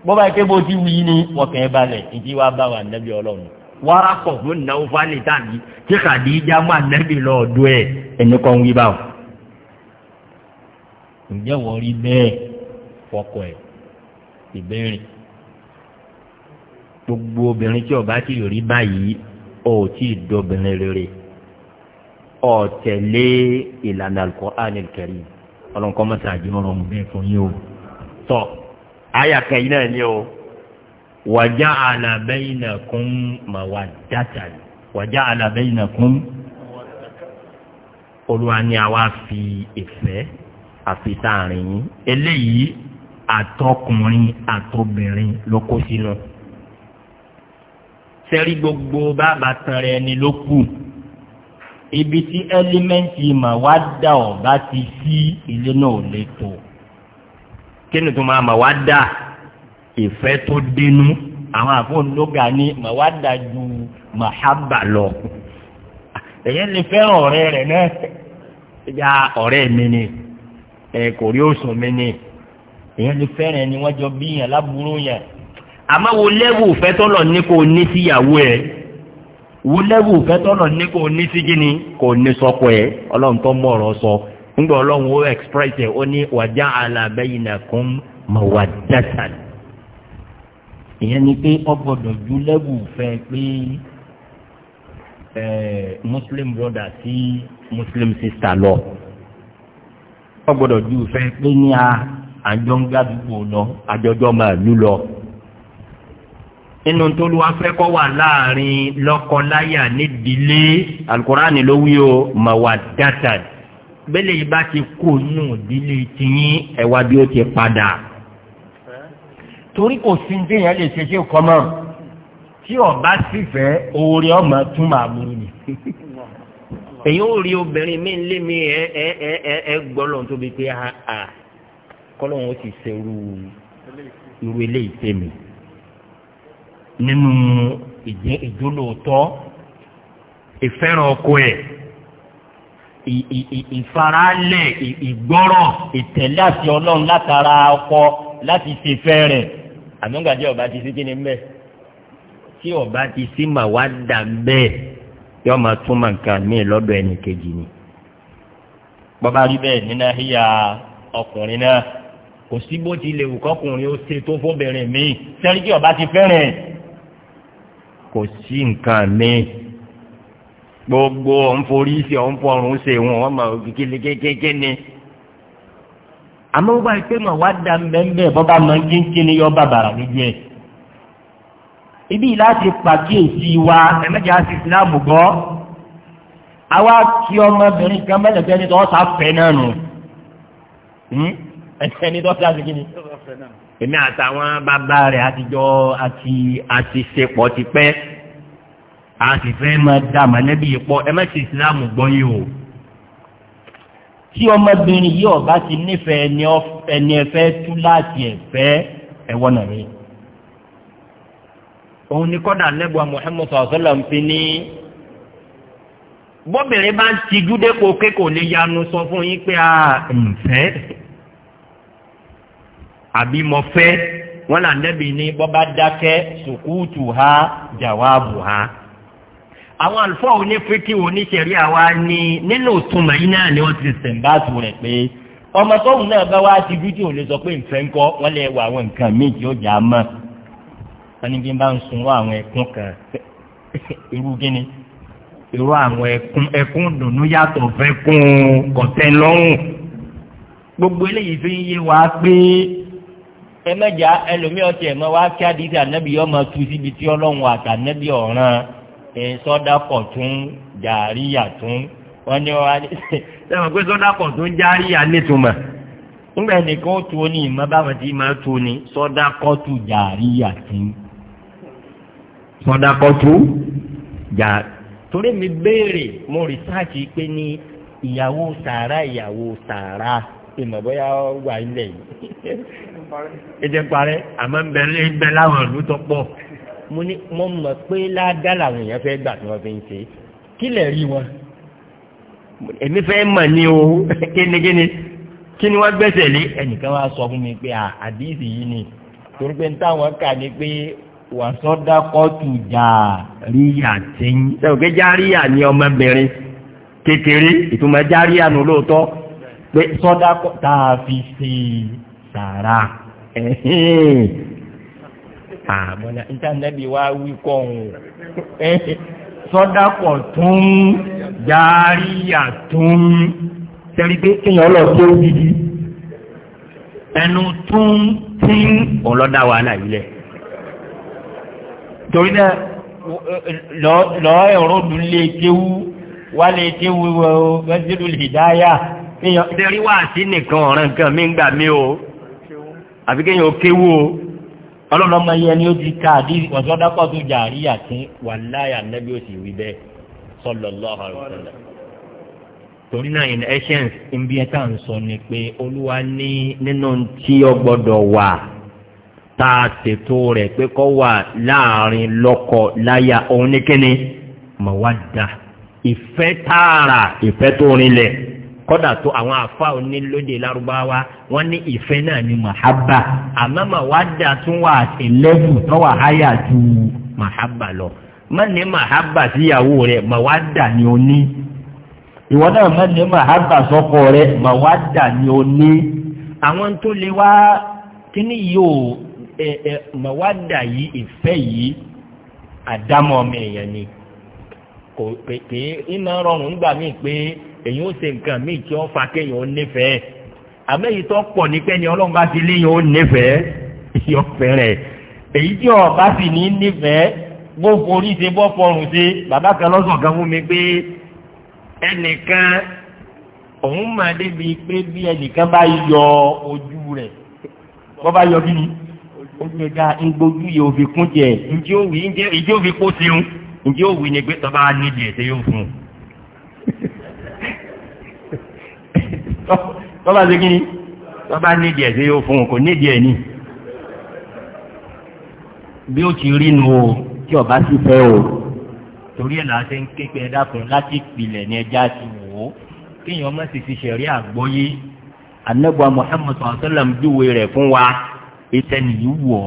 bọ́bá ike bó ti wí ni ọkàn ẹ balẹ̀ ìdí wa bá wà nẹ́bí ọlọ́run. wárọ́pọ̀ ló nà ó fálẹ̀ tàbí tí kàdí ìjà máa nẹ́bí lọ ọ̀dọ́ ẹ̀ ẹni kan wí báwò. ǹjẹ́ gbogbo obìnrin tí ọba ti rí báyìí ó ti dobìnrin rere ọ̀tẹ̀lé ìlànà alukur'an kẹrin ọlọ́nkọ́ mọ́tà àjẹ́ ọ̀rọ̀ ọ̀hún bẹ́ẹ̀ fún yín o tọ́ àyàkẹ́ yìí náà ni o wàjá àlàbẹ́yìnà kún màwá dátà wàjá àlàbẹ́yìnà kún olúwa ni àwa fi ìfẹ́ àfi sáàrin yín eléyìí àtọkùnrin àtobìnrin ló kó sínú. No sẹ́rí gbogbo bàbá tan rẹ̀ ni ló kù ibi tí ẹ́límẹ́ǹtì mà wá dà ọ̀ bá ti sí ilé náà lè tò kí ni tó máa mà wá dà ìfẹ́ tó dénú àwọn àfọ̀nlógà ni mà wá dà ju màhábà lọ èyí lè fẹ́ràn ọ̀rẹ́ rẹ̀ náà ya ọ̀rẹ́ mi ni ẹ kò rí òsùn mi ni èyí lè fẹ́ràn ẹni wọ́n jọ bí yàn lábúrú yàn àmọ́ wo lẹ́wù ìfẹ́ tọ́lọ̀ ní kò ní síyàwó ẹ̀ wo lẹ́wù ìfẹ́ tọ́lọ̀ ní kò ní sí gíní kò ní sọ́kọ̀ ẹ̀ ọlọ́run tó mọ̀ ọ̀rọ̀ sọ ńgbà ọlọ́run ó express ẹ̀ ó ní wàjá alábẹ́yìnà kún mawadatan ìyẹn ni pé ọ ju lẹ́wù ìfẹ́ pé muslim brother sí muslim sister lọ ọ gbọ́dọ̀ ju ìfẹ́ pé ní àjọ ń gbàdúgbò lọ àjọjọ́ máa lú lọ inú tolúwa fẹ́ kọ́ wà láàrin lọ́kọ-láyà nídìílé alukurani ló wí o mawadata bẹ́lẹ̀ yìí bá ti kó inú ìdílé tiyín ẹ̀wá bí ó ti padà torí kò sí déyàn lè ṣe ṣe kọ́mọ́ tí ọba sì fẹ́ oore ọmọ tún máa mú ni èyí ò rí obìnrin mi lé mi ẹ ẹ ẹ ẹ ẹ gbọ́lọ̀ tóbi pé a ah, ah, kọ́lọ́hún ó ti ṣerú irú eléyìí tèmi nínú ìjólóòtọ́ ìfẹ́ràn ọkọ ẹ̀ ìfaralẹ̀ ìgbọ́rọ̀ ìtẹ̀lé àti ọlọ́run látara ọkọ láti ṣe fẹ́ rẹ̀ àmúgbàdé ọba ti sí kíni mbẹ tí ọba ti sí mà wá dà bẹ́ẹ̀ yóò máa túmọ̀ nǹkan míì lọ́dọ̀ ẹnì kejì ni bọ́bá rí bẹ́ẹ̀ nínú híya ọkùnrin náà kò sí bó ti lè wù kọ́kùnrin ó ṣe tó fóbìnrin míì sẹ́ríkì ọba ti fẹ́ràn ẹ̀ kò sí nǹkan mi gbogbo ọ̀n forí ṣe ọ̀n fọrùn ṣe wọn wọn máa kékeré kékeré ni àmọ́ wọ́n bá yìí pé màá wá da mbẹ́mbẹ́ bọ́ bá máa ń kínkín ní yọ bàbàrà lójú ẹ̀ ibi láti pàkíyèsí wa ẹ̀mẹ́jẹ̀ á sì sílámù gbọ́ àwa kí ọmọbìnrin kan mẹ́lẹ̀ fẹ́ ní tọ́ sá fẹ́ náà nù hmm? ẹni tó sá sí kí ni èmi àtàwọn bàbá rẹ̀ àtijọ́ àti àtisepọ̀ ti pẹ́ a sì fẹ́ máa dá mọ̀lẹ́bí yìí pọ̀ ẹ má ṣe ìsìlámù gbọ́ yìí o tí ọmọbìnrin yìí ọba ti nífẹ̀ẹ́ ẹni ẹ̀fẹ́ tú láti ẹ̀fẹ́ ẹ̀wọ́n náà rèé òun ni kọ́dà nẹ́bù Muhammad sọ̀sọ́lọ̀ ń fi ní bọ́bìnrin bá ń tijú dépò pé kò lè yanu sọ fún yín pé a ah, ǹfẹ́ àbí mo fẹ́ wọ́n là nẹ́bi ní bọ́bá dákẹ́ sùkúùtù ha jàwáàbù ha àwọn àlùfọ́ onífíkì oníṣẹ̀rí àwa ni nínú ìtumọ̀ yìí náà ni wọ́n ti sẹ̀ǹbáàtù rẹ̀ pé ọmọ tóun náà bá wá ti dúdú òun lè sọ pé nfẹ́ ńkọ́ wọ́n lè wọ àwọn nǹkan míì tí ó jà á mọ̀ wọ́n ní bí n bá ń sunwọ́ àwọn ẹkún kan irú gíní irú àwọn ẹkún ẹkún dùnú yàtọ̀ fẹ́ kún kọ̀tẹ́ lọ́rùn gbogbo eléyìí fi ń yé wa pé emeja mẹ́jà ẹlòmíì ọtí ẹ̀ mọ́ wá kí àdìsí ànábì yọ tu síbi tí ọlọ́run àtànábì ọ̀ràn ẹ̀ sọ́dàpọ̀ tún jàríyà tún wọ́n ní wọ́n á ní sẹ́wọ̀n pé sọ́dàpọ̀ tún jàríyà nítumọ̀ ńgbà nìkan ó tu ní ìmọ̀ báwọn tí máa tu ní sọ́dàkọ́tù tún torí mi béèrè mo pé ní ìyàwó sàrà ìyàwó sàrà ìmọ̀ bóyá wà yìí. ẹjẹ parẹ́ àmọ́ ń bẹ ń bẹ láwọn ìlú tó pọ̀ mo ní mo mọ̀ pé ládá làwọn èèyàn fẹ́ gbà tí wọ́n fi ń ṣe kí lè rí wọn èmi fẹ́ mọ̀ ní o kínníkínní kí ni wọ́n gbẹ́sẹ̀ lé ẹnìkan wá sọ fún mi pé àdìsí yìí ni torí pé táwọn kà ní pé wàsọ́dá kọ́tù jà ríyà tí ń sẹ́wọ̀n pé járíyà ni ọmọbìnrin kékeré ìtumọ̀ járíyà nù lóòótọ́ pé sọ́dá tá a fi ṣe é sàárà àmọ́nà ìtànẹ́bí wa wí kọ́hún sọ́dápọ̀ tún járíyà tún tẹ́rí pé kéèyàn lọ sí òjijì ẹnu tún tí ọlọ́dà wàhálà yìí lẹ̀ torí náà lọ ẹ̀rọ dùn lè kéwú wá lè kéwú wọ́n mẹ́sìlú lè dáyà kéèyàn tẹ́rí wá sí nìkan ọ̀ràn kan mí ń gbà mí o àfi kéèyàn ó kéwú o ọlọ́run ọmọ yẹn ni ó ti ká àdí ọ̀sọ́dápọ̀ tó jà àríyá tí wà láyà nẹ́bí ó sì wí bẹ́ẹ̀ sallallahu alaihi wasallam torí náà in essence nbí ẹ tá à ń sọ ni pé olúwa ní nínú tí ó gbọ́dọ̀ wà tá a ṣètò rẹ̀ pé kó wà láàrin lọ́kọ láyà òun ní kíni mawadda ìfẹ́ tààrà ìfẹ́ tó rinlẹ̀ kọ́dà tó àwọn àfa onílóde lárúbáwá wọ́n ní ìfẹ́ náà ní mahaba àmọ́ màwádà tún wà ẹlẹ́bù tó wà háyà ju mahaba lọ má ní mahaba síyàwó rẹ̀ màwádà ni ó ní ìwọ náà má ní mahaba sọ́kọ rẹ̀ màwádà ni ó ní àwọn tó lè wá kíní yóò ẹ ẹ màwádà yìí ìfẹ́ yìí àdámọ́ ọmọ èèyàn ni kò pé pé ìmọ̀ rọrùn gbà mí pé. èyí ó ṣe nǹkan míì tí wọ́n fa kéèyàn ó nífẹ̀ẹ́ àmẹ́yìí tó pọ̀ ní pẹ́ni ọlọ́run bá ti léyìn ó nífẹ̀ẹ́ yọ fẹ́rẹ̀ èyí tí ọba sì ní nífẹ̀ẹ́ bó forí ṣe bọ́ fọrùn ṣe bàbá kan lọ́sàn kan fún mi pé ẹnìkan òun máa débi pé bí ẹnìkan bá yọ ojú rẹ̀ bọ́ bá yọ kí ni ó ṣe ká ngbójú yìí ó fi kún jẹ ǹjẹ́ òwì ǹjẹ́ òwì kó ṣeun ǹjẹ́ òwì ni pé tọ́ba nídìí ẹ̀ ṣe yóò fún un tọ́ba ṣe kí ni tọ́ba nídìí ẹ̀ ṣe yóò fún un kò nídìí ẹ̀ ni. bí ó ti rí nu o tí ọba sì fẹ́ o torí ẹ̀ là á ṣe ń ké pé ẹ dákun láti ìpìlẹ̀ ní ẹja ti wò ó kéèyàn má sì fi ṣẹ̀rí àgbọ́yé anábọ̀ Muhammad sọ̀tọ́làm júwe rẹ̀ fún wa ìtẹ̀nìyí wọ̀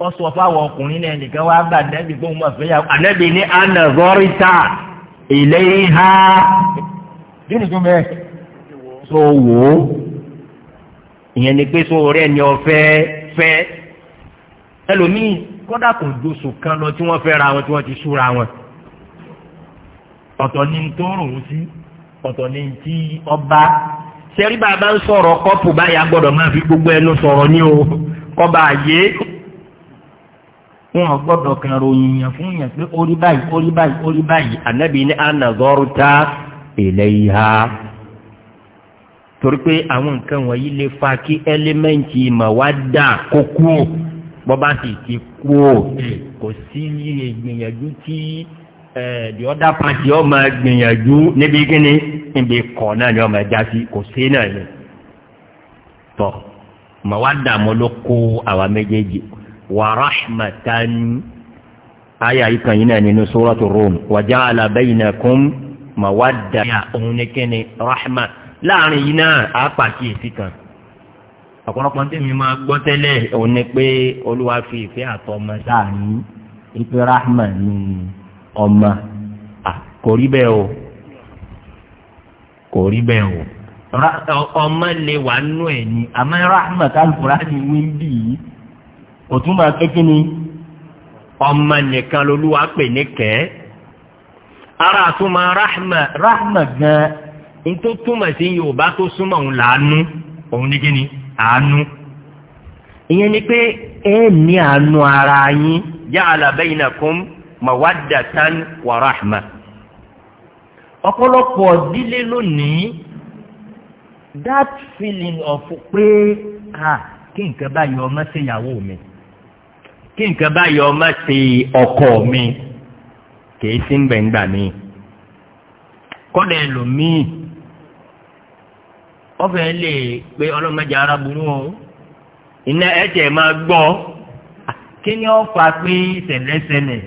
ọ́ ó sọ fáwọn ọkùnrin náà nìkan wá bá nẹ́bí gbóhùn mọ̀ fẹ́ yà ànẹ́bí ní anazọ́rìtà ìlẹ́yìn ha. kí ni tó wò ó ìyẹn ni pé tó rẹ ni ọ fẹ́ fẹ́ ẹlòmíì kódà kò dosò kan lọ tí wọ́n fẹ́ ra wọn tí wọ́n ti súra wọn ọ̀tọ̀ ni tó rò ó sí ọ̀tọ̀ ni tí ọba sẹ́rí bàbá ń sọ̀rọ̀ kọ́pù báyà gbọ́dọ̀ máa fi gbogbo ẹnu sọ̀rọ̀ ní o kọ́ba àyè wọn gbọ́dọ̀ kan ròyìn yàn fún yàn pé orí báyìí orí báyìí orí báyìí ànábì ní ànàzọ́rù ta ilẹ̀ torí pé àwọn nǹkan wọ̀nyí lè fa kí ẹ́lẹ́mẹ̀ǹtì ìmọ̀ wá dà kó kú ò bọ́ bá sì ti kú ò kò sí ìgbìyànjú tí the other party ọmọ gbìyànjú níbi kíni níbi kọ̀ náà ni ọmọ ẹja sí kò sí náà ni tọ̀ mọ̀ wá dà mọ́ ló kó àwa méjèèjì wàràhmàtàn àyà yìí kan yìí náà nínú sóràtò rome wàjà àlàbẹ́yìn náà kún mọ̀ wá dà òun ní kíni rahmat láàrin yìí náà á pàkíyèsí kan ọ̀pọ̀lọpọ̀ tí mi máa gbọ́ tẹ́lẹ̀ òun ni pé olúwa fi ìfẹ́ àtọmọ sáàrin ìpè rahma ni ọmọ kò rí bẹ́ẹ̀ o kò rí bẹ́ẹ̀ o ọmọ lè wà nù ẹ̀ ni àmọ́ rahma kálukúrá ni wí bì í òtún máa kékeré ni ọmọ nìkan lolúwa pè ní kẹ́ ara àtúmọ̀ rahma rahma gan-an. nítorí túmọ̀ sí yorùbá tó súnmọ́ òun làánú òun ní kíni àánú ìyẹn ni pé ẹ ní àánú ara yín ja'ala bainakum mawaddatan ma rahma ọ̀pọ̀lọpọ̀ dílé lónìí that feeling of pé ah kí nǹkan báyìí ọmọ sí ìyàwó mi kí nǹkan báyìí ọmọ sí ọkọ mi kì í sí ń bẹ̀ ọfẹ lè pe ọlọmọdé ara burú o iná ẹtẹ máa gbọ́ kí ni ó fa pé sẹlẹsẹlẹ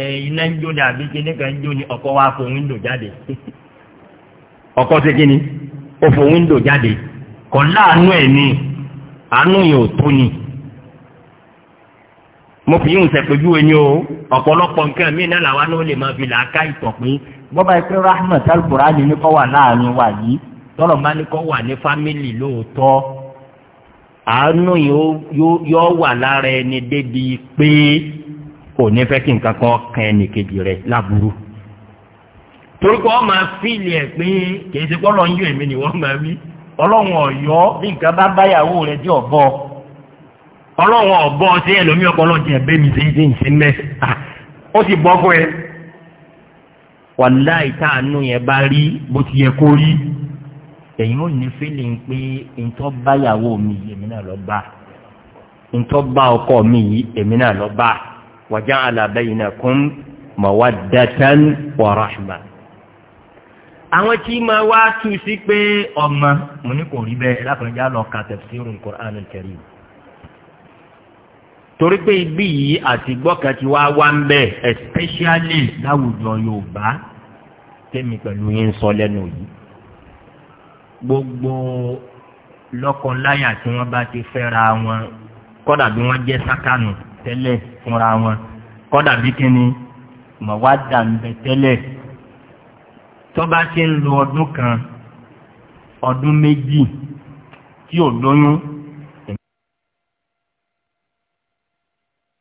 ẹ iná ń jó ni àbí kíní ń jó ni ọkọ wa fò wíńdò jáde ọkọ kí ni ó fò wíńdò jáde kọ láàánú àánú ni mo fi yín o ọ̀pọ̀lọpọ̀ nǹkan mi náà náà lè máa fi làákà ìtọ̀ pé bọ́bá ni kọ́ wà láàánú wa tọrọ bá ní kọ́ wà ní fámìlì lóòótọ́ àánú yóò wà lára ẹni débi pé kò ní fẹ́ kí nǹkan kan kan ẹnì kejì rẹ̀ láburú torúkọ ọmọ fíìlì ẹ pé kìí ṣe kọ́ lọ ń yọ èmi ni wọ́n máa wí ọlọ́run ọ̀yọ́ bí nǹkan bá báyàwó rẹ̀ jẹ́ ọ̀bọ ọlọ́run ọ̀bọ ṣé ẹlòmíì ọpọlọ jẹ ẹbẹ mi ṣe ṣe ń ṣe mẹ ó ti bọ́ fún ẹ wàláì táànù yẹn bá rí bó ti yẹ kó rí ẹ̀yin ò ní fílì ń pé ntọ́ báyàwó mi yìí èmi náà lọ bá ntọ́ bá ọkọ mi yìí èmi náà lọ bá wàjà alábẹ́yìn náà kún mọ̀wá dátán wọ̀rọ̀ àṣùmá. àwọn tí máa wá tú sí pé ọmọ mo ní kò rí bẹ́ẹ̀ lápẹ̀já lọ ka tẹ̀síìrù nǹkan kẹrì. torí pé ibi yìí àti gbọ́kàn ti wá wá ń bẹ̀ especially láwùjọ yorùbá tẹ́mi pẹ̀lú yín sọ lẹ́nu yìí gbogbo lọ́kọláyà tí wọ́n bá ti fẹ́ra wọn kọ́dà bí wọ́n jẹ́ sákànù tẹ́lẹ̀ fúnra wọn kọ́dà bí kíni mọ̀wádà ń bẹ tẹ́lẹ̀ tọ́ba ti ń lo ọdún kan ọdún méjì tí ò lóyún